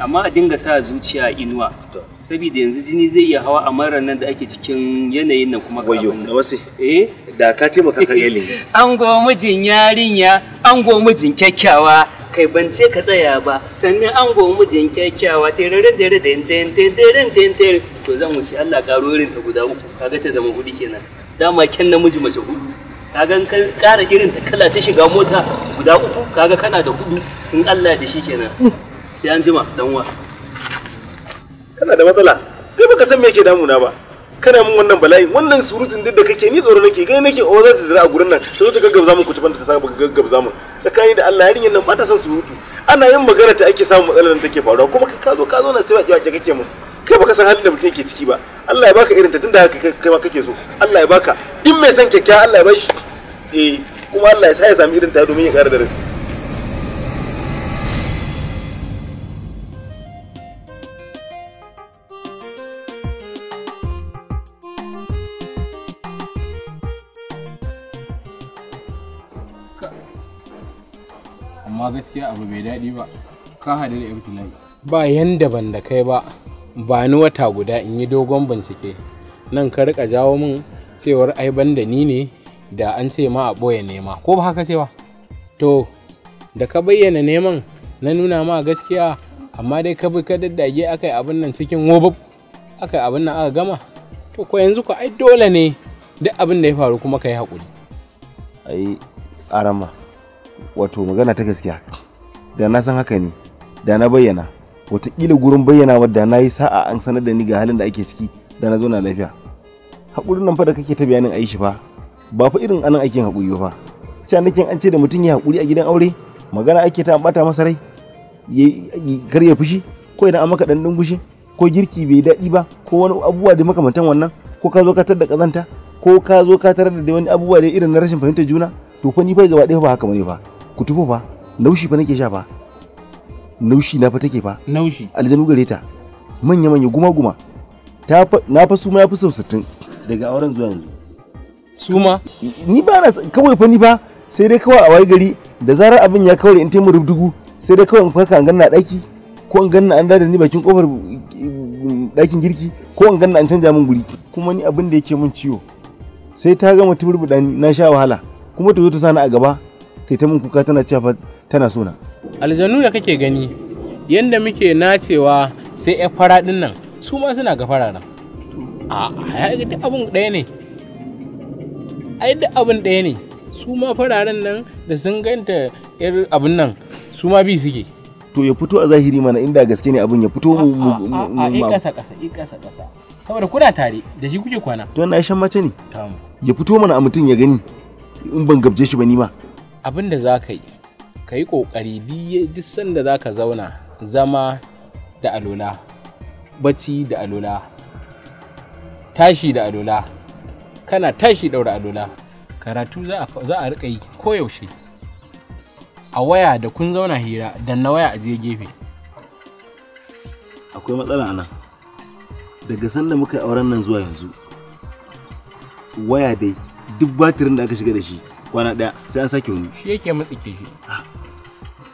amma a dinga sa zuciya inuwa saboda yanzu jini zai iya hawa a marar nan da ake cikin yanayin nan kuma wayo na wase eh da ka taimaka ka yalin an go mijin yarinya an go mijin kyakkyawa kai bance ka tsaya ba sannan an goma mijin kyakkyawa terere dare da yin da tenteren tenteren to zan wuce Allah karorin ta guda uku kaga ta zama hudu kenan dama kyan namiji mace hudu kaga ka kara irin ta kala ta shiga mota guda uku kaga kana da hudu in Allah da shi kenan sai an jima danwa kana da matsala kai baka san me yake damuna ba kana mun wannan bala'i wannan surutun duk da kake ni tsoro nake gani nake o oh, za ta dira a gurin nan ta zo ta gaggabza mun kutuban da ta saba gaggabza mun tsakani da Allah yarinyar nan ba ta son surutu ana yin magana ta ake samun matsalar da take faruwa kuma ka zo ka zo na sai wa kake mun kai baka san halin da mutum yake ciki ba Allah ya baka irin ta tunda haka kai ma kake so Allah ya baka duk mai son kyakkyawa Allah ya bashi eh kuma Allah ya sa ya sami irin ta domin ya da darasi amma gaskiya abu bai daɗi ba ka hadu da ibtilai ba yanda ban da kai ba ba ni wata guda in yi dogon bincike nan ka rika jawo min cewar ai ban da ni ne da an ce ma a ɓoye nema ko ba haka cewa to da ka bayyana neman na nuna ma gaskiya amma dai ka bi ka daddage aka yi abin nan cikin wobab aka yi abin nan aka gama to ko yanzu ko ai dole ne duk abin da ya faru kuma ka yi haƙuri ai arama wato magana ta gaskiya da na san haka ne da na bayyana watakila gurin bayyana wadda na yi sa'a an sanar da ni ga halin da ake ciki da na zo zauna lafiya haƙurin nan fa da kake ta bayanin aishi fa ba fa irin anan aikin haƙuri fa canakin an ce da mutum ya haƙuri a gidan aure magana ake ta bata masa rai kar ya fushi ko idan an maka dan dungushi ko girki bai daɗi ba ko wani abubuwa da makamantan wannan ko ka zo ka tar da kazanta ko ka zo ka tarar da wani abubuwa da irin na rashin fahimtar juna to fa ni fa gaba ɗaya ba haka bane fa ku ba naushi fa nake sha ba naushi na fa take fa naushi aljanu gare ta manya manya guma guma ta na fa suma ya fi sau 60 daga auren zuwa yanzu suma ni ba na kawai fa ni fa sai dai kawai a wai gari da zarar abin ya kawai in taimu rubdugu sai dai kawai in farka an ganna daki ko an ganna an dada ni bakin kofar dakin girki ko an ganna an canja min guri kuma ni abin da yake min ciwo sai ta gama tuburbuɗa ni na sha wahala kuma ta zo ta sani a gaba ta ta min kuka tana cewa tana sona aljanu da kake gani yadda muke nacewa sai ya fara nan su ma suna ga fararen a ya duk abin ɗaya ne ai duk abin ɗaya ne su ma fararen nan da sun ganta yar abin nan su ma bi suke to ya fito a zahiri mana inda gaske ne abin ya fito mu a a kasa kasa i kasa kasa saboda kuna tare da shi kuke kwana to na shan mace ne ya fito mana a mutum ya gani in ban gabje shi ba ni ma abin da za ka yi ka yi ƙoƙari duk sanda za ka zauna zama da alola bacci da alola tashi da alola kana tashi ɗaura alola karatu za a riƙa yi koyaushe a waya da kun zauna hira da na waya a je gefe akwai matsala a nan daga sanda muka yi auren nan zuwa yanzu waya dai duk batirin da aka shiga da shi kwana daya sai an sake wani shi yake mutsike shi ah.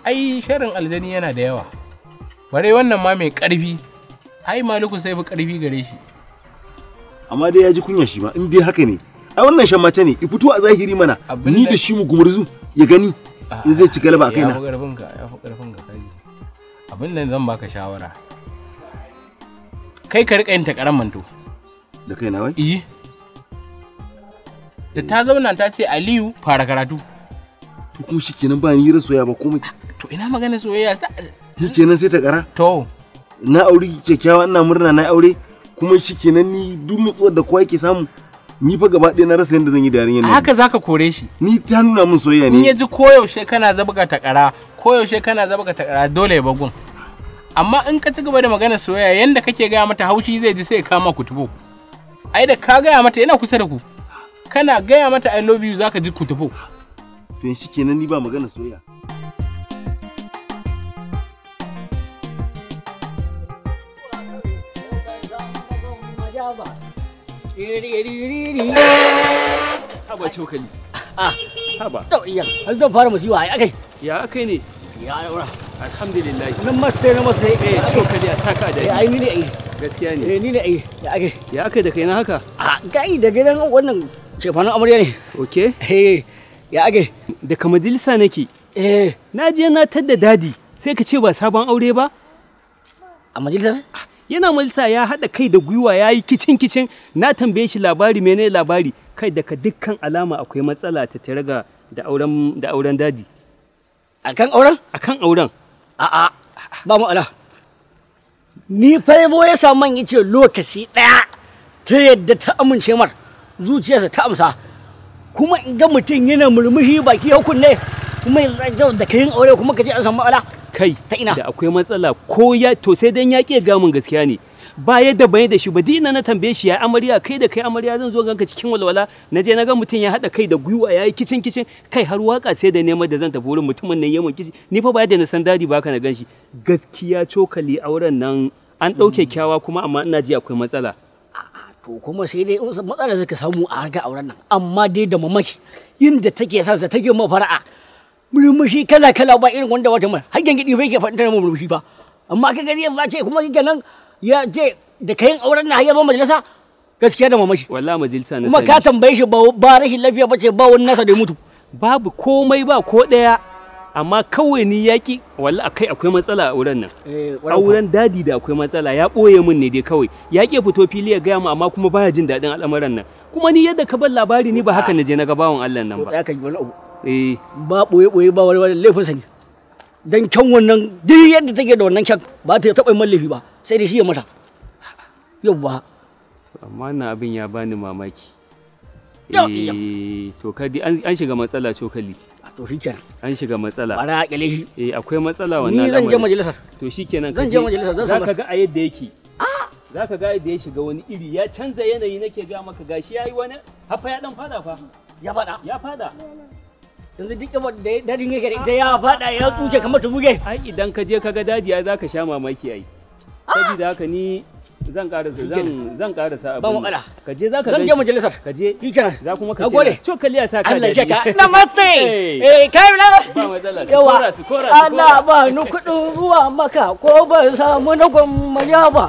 ai sharin aljani yana da yawa bare wannan ma mai karfi ai maliku sai fi karfi gare shi amma dai ya ji kunya shi ma in dai haka ne ai wannan shan mace ne i fito a zahiri mana ni da shi mu gumurzu ya gani ah, in zai ci galaba a kaina ya fi karfin ka ya fi karfin ka kai. abin nan zan baka shawara kai ka riƙa yin takarar manto da kaina wai eh da ta zauna ta ce aliyu fara karatu to kuma shi kenan ba ni hira soyayya ba komai ah, to ina magana soyayya shi kenan sai ta kara to na aure kyakkyawa ina murna na aure kuma shi kenan ni duk nutsuwar da kowa yake samu ni fa gaba ɗaya na rasa yadda zan yi da yarinyar nan haka zaka kore shi ni ta nuna min soyayya ne in yaji koyaushe kana zabga ta kara koyaushe kana zabga ta kara dole ya bagun amma in ka ci gaba da magana soyayya yanda kake gaya mata haushi zai ji sai ya kama kutubo ai da ka gaya mata yana kusa da ku kana gaya mata I love you zaka ji kutufo. To shi kenan ni ba magana soyayya. Haba cokali. Ah, haba. To iya, har zan fara musiwa ai akai. Ya akai ne? Ya aura. Alhamdulillah. Namaste namaste. Eh, cokali a saka da. Eh, ai ni ne ai. Gaskiya ne. Eh, ni ne ai. Ya akai. Ya akai da kai na haka? Ah, gai da gidan wannan cefanin amarya ne ok eh, ya age daga majalisa nake eh na je na tadda dadi sai ka ce ba sabon aure ba a majalisar ah, yana majalisa ya haɗa kai da gwiwa ya yi kicin kicin na tambaye shi labari mene labari kai daga dukkan alama akwai matsala ta tare ga da auren da auren dadi akan auren akan auren a'a ba mu ala ni faibo ya samu man ce lokaci ɗaya ta yadda ta amince mar zuciyarsa ta amsa kuma in ga mutum yana murmushi baki ya kunne kuma yau da yin aure kuma ka ce an samu ala kai ta ina da akwai matsala ko ya to sai dan ya ƙi gamin gaskiya ne ba yadda bai da shi ba dina na tambaye shi ya amarya kai da kai amarya zan zo ganka cikin walwala na je na ga mutum ya haɗa kai da gwiwa yayi kicin kicin kai har waka sai da nema da zan tafi wurin mutumin nan yamin kici ni fa ba yadda na san dadi ba ka na ganshi gaskiya cokali auren nan an ɗauke kyawa kuma amma ina ji akwai matsala to kuma sai dai matsala suka samu a harga auren nan amma dai da mamaki yin da take sa ta take mafara'a murmushi kala kala ba irin wanda wata mai har gidi bai ke fadin mu murmushi ba amma ka gari ya ce kuma kike nan ya je da kayan auren nan har ba majalisa gaskiya da mamaki wallahi majalisa na kuma ka tambaye shi ba rashin lafiya ba ce ba wani nasa da mutu babu komai ba ko daya amma kawai ni yaƙi walla akai akwai matsala a wurin nan eh, a wurin dadi da akwai matsala ya ɓoye min ne dai kawai ya ke fito fili ya gaya mu amma kuma baya jin daɗin al'amuran nan kuma ni yadda ka bar labari ni ba haka na je na ga bawan Allah nan ba eh ba ɓoye ɓoye ba wani wani laifin sani dan kyan wannan duk yadda take da wannan kyan ba ta taɓa yin mallafi ba sai da shi ya mata yawwa amma na abin ya bani mamaki eh to kadi an shiga matsala cokali to shikenan an shiga matsala bara a kyale shi eh akwai matsala wannan ni zan je majalisar to shikenan zan je majalisar zan sanar ga a yadda yake ah! zaka ga yadda ya shiga wani iri ya canza yanayi nake ga maka gashi yayi wani hafa ya dan fada fa ya fada ya fada yanzu duk yaba da dadin yake da ya fada ya tsuke kamar ta buge ai idan ka je ka ga dadiya za zaka sha mamaki ai ah! sabida haka ni zan zan zan ka je zaka zan je majalisar za ka sa ka Allah ya namaste eh kai ba kora ba ni kudin ruwa maka ko samu na gwamma ba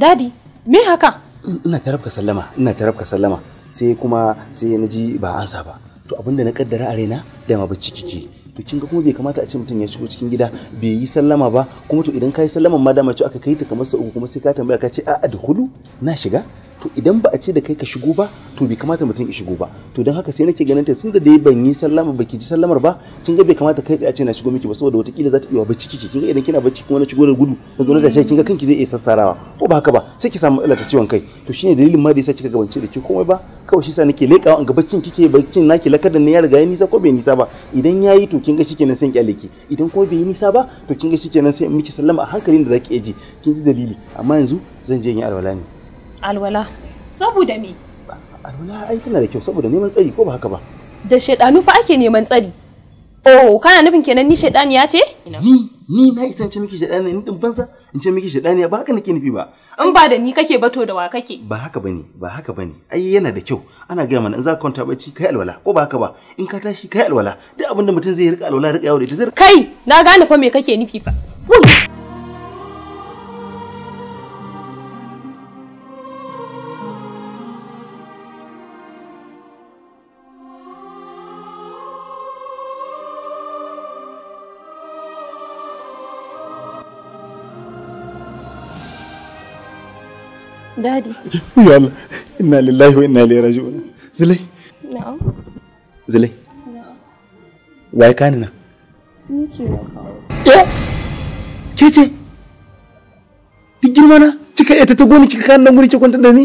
Daddy, me haka? ina ta rabka sallama ina ta rabka sallama sai kuma sai na ji ba ansa ba to abin da na kaddara a raina ma bacci kike to kin ga kuma bai kamata a ce mutum ya shigo cikin gida bai yi sallama ba kuma to idan ka yi sallaman ma dama ce aka kai ta kamar sa uku kuma sai ka tambaya ka ce a'a da hudu na shiga to idan ba a ce da kai ka shigo ba to bai kamata mutum ya shigo ba to don haka sai nake ganin ta tunda dai ban yi sallama baki ji sallamar ba kin ga bai kamata kai tsaye a ce na shigo miki ba saboda watakila za ta iya bacci kike kin ga idan kina bacci kuma na shigo da gudu na zo na tashi kin ga kanki zai iya sassarawa ko ba haka ba sai ki samu matsala ta ciwon kai to shine dalilin ma da yasa kika gabance da ke komai ba kawai shi sa nake lekawa an ga baccin kike baccin naki lakar da ne ya riga ya nisa ko bai nisa ba idan yi to kin ga shikenan sai kyale ki idan kuma bai yi nisa ba to kin ga shikenan sai miki sallama a hankalin da zaki iya ji kin ji dalili amma yanzu zan je in yi alwala ne Alwala. Saboda me? Alwala ai tana da kyau saboda neman tsari ko ba haka ba. Da shaidanu fa ake neman tsari. Oh, kana nufin kenan ni ya ce? Ni ni na isa ce miki shaidaniya ni din banza in ce miki shaidaniya ba haka nake nufi ba. In ba da ni kake bato da wa kake? Ba haka bane, ba haka bane. Ai yana da kyau. Ana gaya mana in za ka kwanta bacci kai alwala ko ba haka ba. In ka tashi kai alwala. Duk abinda mutum zai rika alwala rika yawo da ita Kai, na gane fa me kake nufi fa. Daddy. Ya Allah, inna lillahi wa inna ilaihi raji'un. Zulai. Na'am. Zulai. Na'am. Wai kanina. Ni ce na kawo. Eh? Ke ce? Ki girma na kika ita ta goni kika kan nan wuri ki kwanta da ni?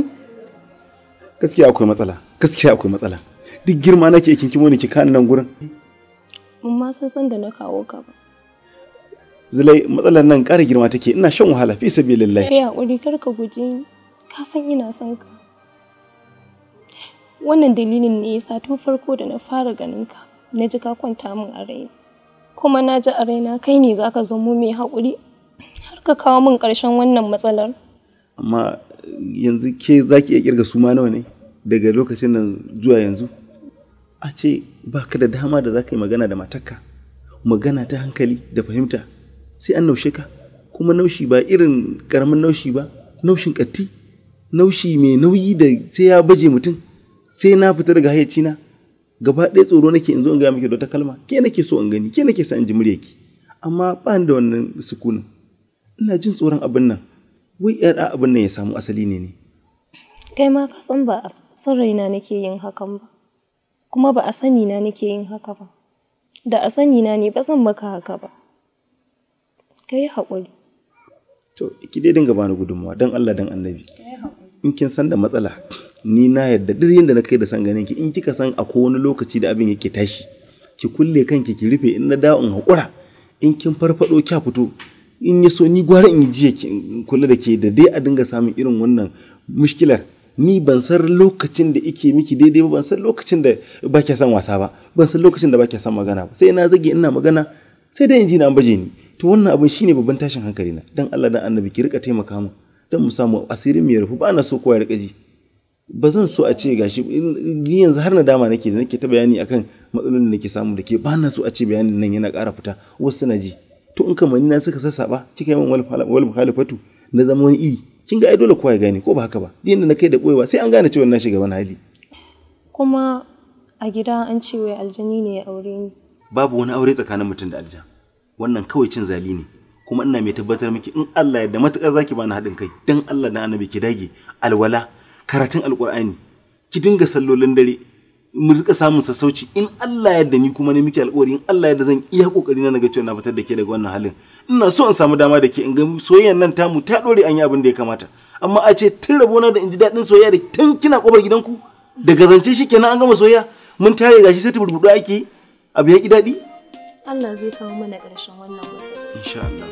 Gaskiya akwai matsala. Gaskiya akwai matsala. Duk girma nake ke kin kimo ni ki kan nan gurin. Mun ma san san da na kawo ka ba. Zulai matsalar nan ƙara girma take ina shan wahala fi sabilillahi. Kai hakuri kar ka guje ni. ka san ina son ka wannan dalilin ne yasa tun farko da na fara ganin ka na ji ka kwanta min a raina kuma na ji a raina kai ne zaka zamo mai haƙuri har ka kawo min ƙarshen wannan matsalar amma yanzu ke za ki iya kirga su ma nawa ne daga lokacin nan zuwa yanzu a ce ba ka da dama da za ka yi magana da matarka magana ta hankali da fahimta sai an naushe ka kuma naushi ba irin karamin naushi ba naushin ƙatti naushi mai nauyi da sai ya baje mutum sai na fita daga na gaba ɗaya tsoro nake in zo in gaya miki da wata kalma ke nake so in gani ke nake sa in ji ki amma ba ni da wannan sukunin ina jin tsoron abin nan wai yar abin nan ya samu asali ne ne kai ma ka san ba a san raina nake yin hakan ba kuma ba a sani na nake yin haka ba da a sani na ne ba san maka haka ba kai haƙuri to ki dai dinga bani gudunmawa don Allah don annabi kai haƙuri in kin san da matsala ni na yarda duk yadda na kai da san ganin ki in kika san akwai wani lokaci da abin yake tashi ki kulle kanki ki rufe in na dawo in hakura in kin farfado kya fito in ya so ni gwara in jiya ki kula da ke da dai a dinga samun irin wannan mushkilar ni ban san lokacin da ike miki daidai ba ban san lokacin da ba kya san wasa ba ban san lokacin da ba kya san magana ba sai na zage ina magana sai dai in ji na baje ni to wannan abin shine babban tashin hankali na dan Allah dan annabi ki rika taimaka min don mu samu asirin mai rufu ba na so kowa ya ji ba zan so a ce gashi ni yanzu har na dama nake da nake ta bayani akan matsalolin da nake samu da ke ba na so a ce bayanin nan yana ƙara fita wasu suna ji to in kamar na suka sassaba kika yi min wal muhalifatu na zama wani iri kin ga ai dole kowa ya gane ko ba haka ba da na kai da boyewa sai an gane cewa na shiga wani hali kuma a gida an ce wai aljani ne ya aure ni babu wani aure tsakanin mutum da aljan wannan kawai cin zali ne kuma ina mai tabbatar miki in Allah ya da zaki bani haɗin kai dan Allah dan annabi ki dage alwala karatun alqur'ani ki dinga sallolin dare mu rika samun sassauci in Allah ya ni kuma ne miki alƙawari in Allah ya da zan iya kokari na naga cewa na fitar da ke daga wannan halin ina so in samu dama da ke in ga soyayyar nan tamu ta dore an yi abin da ya kamata amma a ce tun rabona da in ji daɗin soyayya da tun kina ƙofar gidanku da gazance shi kenan an gama soyayya mun tare gashi sai ta burbuɗo ake abu ya ki daɗi Allah zai kawo mana ƙarshen wannan matsala insha Allah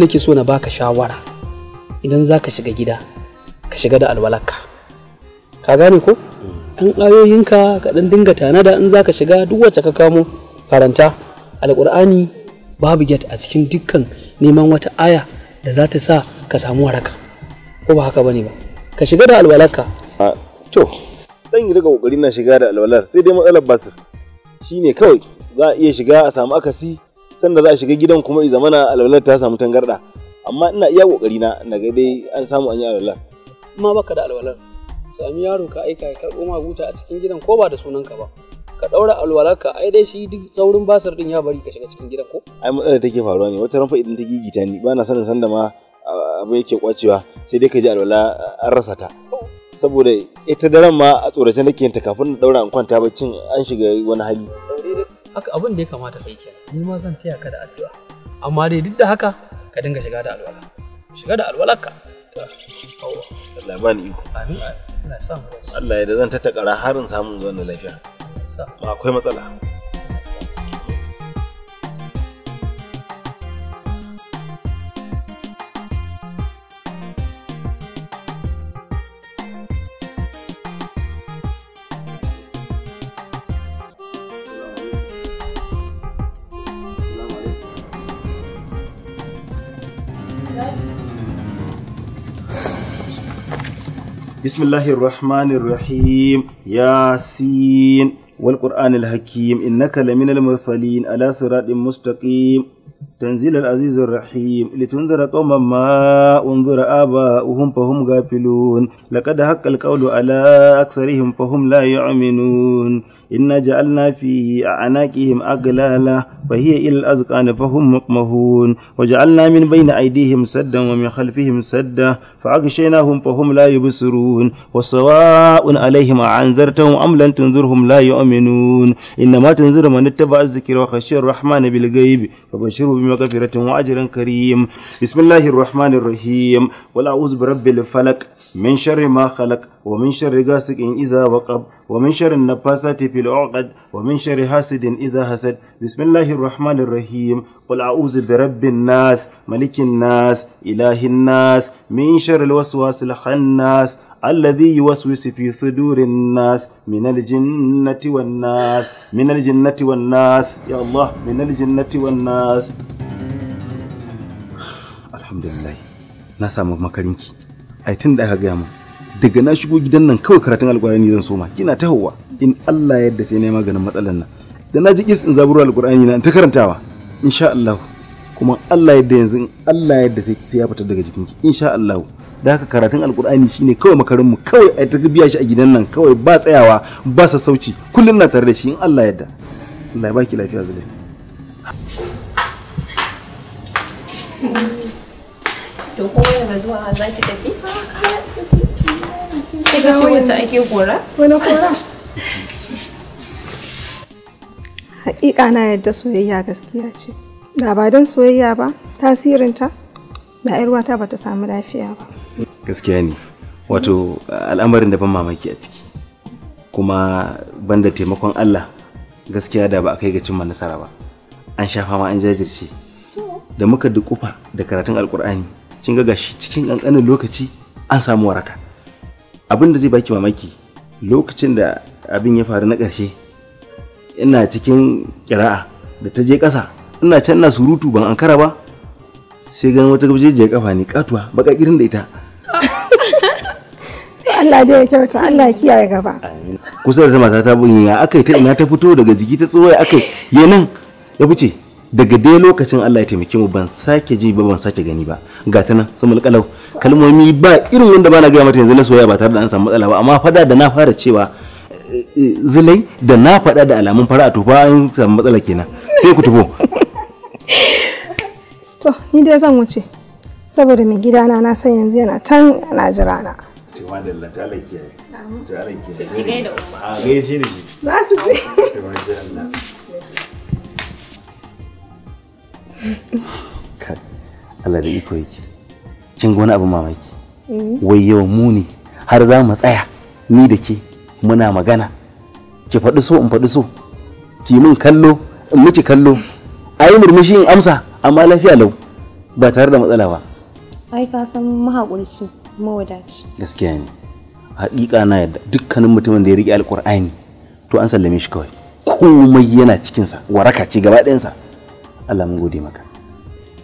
nake so na baka shawara idan za ka shiga gida ka shiga da alwalarka ka gane ko mm. ɗan ayoyinka ka ɗan dinga tanada in za ka shiga duk wacce ka kamo karanta alƙur'ani babu get a cikin dukkan neman wata aya da za ta sa ka samu waraka ko ba haka bane ba ka shiga da alwalarka to dan yi daga kokari na shiga da alwalar sai dai matsalar basir shine kawai za a iya shiga a samu akasi sanda za a shiga gidan kuma i zamana alwalar ta samu tangarda amma ina iya kokari na ga dai an samu an yi alwalar Amma baka da alwalar sami yaro ka aika ka karbo ma guta a cikin gidan ko ba da sunanka ba ka ɗaura ka ai dai shi duk saurin basar din ya bari ka shiga cikin gidan ko ai matsalar take faruwa ne wata ranfa idan ta gigita ni ba na sanin sanda ma ah, abin yake kwacewa sai dai ka ji alwala ah, an rasa ta saboda ita daren ma a tsorace nake yin ta kafin na daura an kwanta ba cin an shiga wani hali haka abin da ya kamata kai ke ni ma zan taya ka da addu'a amma dai duk da haka ka dinga shiga da alwala shiga da alwalarka Allah ba ni iko amin Allah ya Allah ya da zan tattakara harin samun zuwa lafiya ba akwai matsala بسم الله الرحمن الرحيم ياسين والقرآن الحكيم إنك لمن المرسلين على صراط مستقيم تنزيل العزيز الرحيم لتنذر قوما ما انذر آباؤهم فهم غافلون لقد حق القول على أكثرهم فهم لا يؤمنون إنا جعلنا في أعناقهم أغلالا فهي إلى الأذقان فهم مقمهون وجعلنا من بين أيديهم سدا ومن خلفهم سدا فأغشيناهم فهم لا يبصرون وسواء عليهم أعنذرتهم أم لم تنذرهم لا يؤمنون إنما تنذر من اتبع الذكر وخشي الرحمن بالغيب فبشره بمغفرة وأجر كريم بسم الله الرحمن الرحيم ولا أعوذ برب الفلق من شر ما خلق ومن شر غاسق إذا وقب ومن شر النفاسات في العقد ومن شر حاسد إذا حسد بسم الله الرحمن الرحيم قل أعوذ برب الناس ملك الناس إله الناس من شر الوسواس الخناس الذي يوسوس في صدور الناس من الجنة والناس من الجنة والناس يا الله من الجنة والناس الحمد لله نسامو مكرنكي ai tun da aka gaya min daga na shigo gidan nan kawai karatun alkur'ani zan soma kina ta hawa in Allah yadda sai na maganin matsalar nan da na ji kis in zaburu alkur'ani na ta karantawa insha Allah kuma Allah yadda yanzu in Allah yadda sai ya fita daga jikinki insha Allah da haka karatun alkur'ani shine kawai makarin mu kawai ai ta biya shi a gidan nan kawai ba tsayawa ba sassauci kullun na tare da shi in Allah yadda Allah ya baki lafiya you. to ko da tafi a ce ake haƙiƙa na yadda soyayya gaskiya ce da ba don soyayya ba tasirinta da yarwata ba ta samu lafiya ba gaskiya ne wato al'amarin da ban mamaki a ciki kuma banda taimakon allah gaskiya da ba a kai ga cimma nasara ba an sha fama an jajirce da muka dukufa da karatun alkur'ani kin ga gashi cikin kankanin lokaci an samu waraka abin da zai baki mamaki lokacin da abin ya faru na ƙarshe ina cikin kira'a da ta je ƙasa ina can na surutu ban ankara ba sai ganin wata je kafa ni katuwa baka irin da ita Allah dai ya kyauta Allah ya kiyaye gaba kusa da ta mata ta bunya akai ta ina ta fito daga jiki ta tsoye akai nan ya fice daga dai lokacin Allah ya taimake mu ban sake ji ba ban sake gani ba ga ta nan sun mulkalau kalmomi ba irin wanda na gaya mata yanzu na soyayya ba tare da an samu matsala ba amma fada da na fara cewa eh, eh, zilai da na fada da alamun fara a tufa an samu matsala kenan sai ku tufo to ni dai zan wuce saboda mai gidana na san yanzu yana tan ana jira na cewa da ta Allah kiyaye ta Allah kiyaye a gaishe da shi za su ji Allah da iko yake kin ga wani mamaki wai yau mu ne har za mu tsaya ni da ke muna magana ki faɗi so in faɗi so ki min kallo in miki kallo a murmushi in amsa amma lafiya lau ba tare da matsala ba ai ka san mahaƙunci mawadaci gaskiya ne haƙiƙa na yadda dukkanin mutumin da ya riƙe alƙur'ani to an sallame shi kawai komai yana cikinsa waraka ce gaba ɗayansa Allah mun gode maka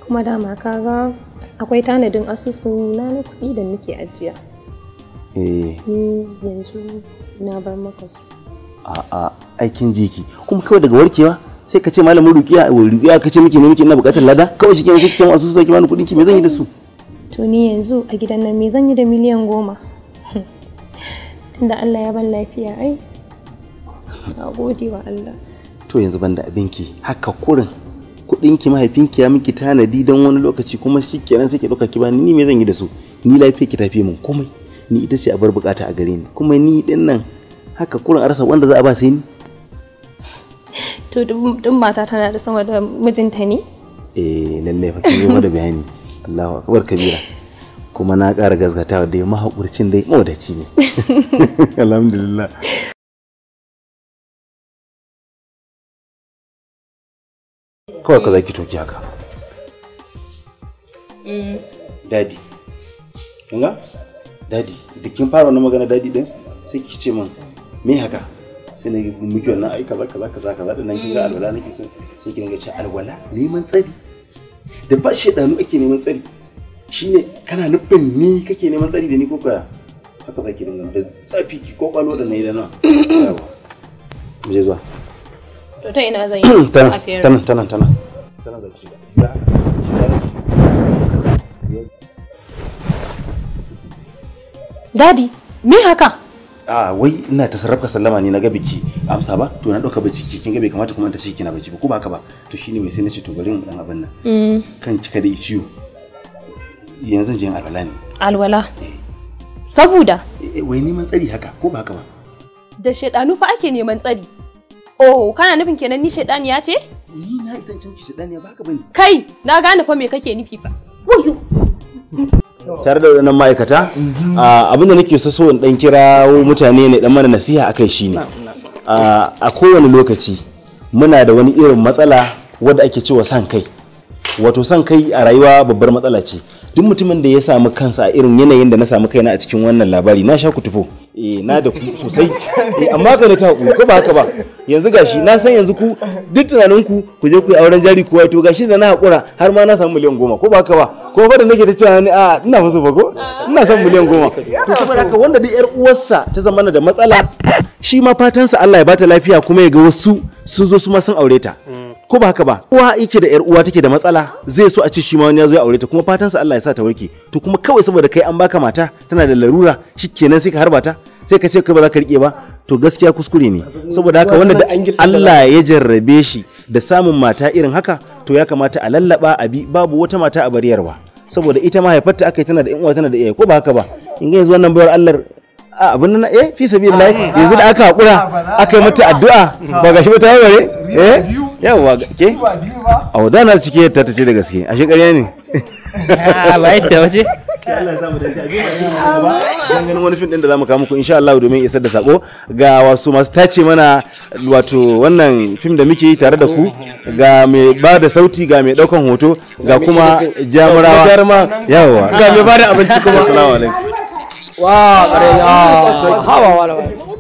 kuma dama ga akwai tanadin asusun na na kuɗi da nake ajiya eh ni yanzu na bar maka su a aikin jiki kuma kawai daga warkewa sai ka ce malamin rukiya rukiya ka ce muke ne muke ina bukatar lada kawai shi ke sai cewa asusun asusu sai ki bani kuɗin ki me zan yi da su to ni yanzu a gidan nan me zan yi da miliyan goma tunda Allah ya ban lafiya ai a gode wa Allah to yanzu ban da abinki haka kurin kuɗin ki mahaifinki ya miki tanadi don wani lokaci kuma shi kenan sai ki ɗauka ki bani ni me zan yi da su ni lafiya ki tafi min komai ni ita ce a bar bukata a gare ni kuma ni din nan haka kurin arsa wanda za a ba sai ni to duk mata tana da sama da mijinta ne eh lalle fa kin yi da bayani Allahu akbar kabira kuma na ƙara gazgatawa da mahaƙurcin dai mawadaci ne alhamdulillah kawai ka za ki toki haka eh. dadi kunga dadi da kin fara wani magana dadi din sai ki ce min me haka sai na miki wannan ai kaza kaza kaza kaza din nan kin mm. alwala nake so sai ki ce alwala neman tsari da ba shedanu ake neman tsari shine kana nufin ni kake neman tsari da ni ko ka haka ba ki dinga da tsafi ki ko kwalo da na yi da na mu je zuwa to ta ina zan yi tana tana tana tana tana da shi dadi me haka Ah, wai ina ta sarrafa sallama ne na ga biki amsa ba to na dauka biki kin ga bai kamata kuma ta shi kina biki ba ko ba haka ba to shine mai sai na ce to bari mu dan abin nan Mm. kan kika da ciwo yanzu jin alwala ne alwala eh. saboda eh, eh, wai neman tsari haka ko ba haka ba da shedanu fa ake neman tsari Oh, kana nufin kenan ni ya ce? Ni na isan can ki bane. Kai, na gane fa me kake nufi fa. Tare da wannan ma'aikata, abin da nake so so in dan kirawo mutane ne dan mana nasiha akai shine. A kowane lokaci muna da wani irin matsala wadda ake cewa san kai. Wato san kai a rayuwa babbar matsala ce. duk mutumin da ya samu kansa a irin yanayin da na samu kaina a cikin wannan labari na sha ku tufo eh na da ku sosai eh amma ka ta ku ko ba haka ba yanzu gashi na san yanzu ku duk tunanin ku ku je ku yi auren jari ku to gashi da na hakura har ma na samu miliyan goma ko ba haka ba ko ba da nake ta cewa ni a ina faso ba ko ina san miliyan goma to saboda haka wanda duk yar uwarsa ta zamana da matsala shi ma fatansa Allah ya bata lafiya kuma ya ga wasu sun zo su ma sun aure ta ko ba haka ba uwa yake da yar uwa take da matsala zai so a ci shi ma wani ya zo ya aure ta kuma fatan sa Allah ya sa ta warke to kuma kawai saboda kai an baka mata tana da larura shikenan sai ka harba ta sai ka ce kai ba za ka rike ba to gaskiya kuskure ne saboda haka wanda da Allah ya jarrabe shi da samun mata irin haka to ya kamata a lallaba a bi babu wata mata a bariyarwa saboda ita mahaifarta aka yi tana da yan uwa tana da iyaye ko ba haka ba in ga yanzu wannan bayar Allah a ah, abin na eh fi sabilillah ah, yanzu da aka haƙura aka yi mata addu'a ba gashi ba ta warware eh yawa ke a wadana cike ta ce da gaske a shekariya ne ah, ba yadda waje Allah samu da shi a ganin wani fim din da za mu kawo muku insha Allah domin isar da sako ga wasu masu tace mana wato wannan fim da muke tare da ku ga mai ba da sauti ga mai daukan hoto ga kuma jamurawa yawa ga mai ba da abinci kuma assalamu alaikum 와, 그래. 아, 하와 와라.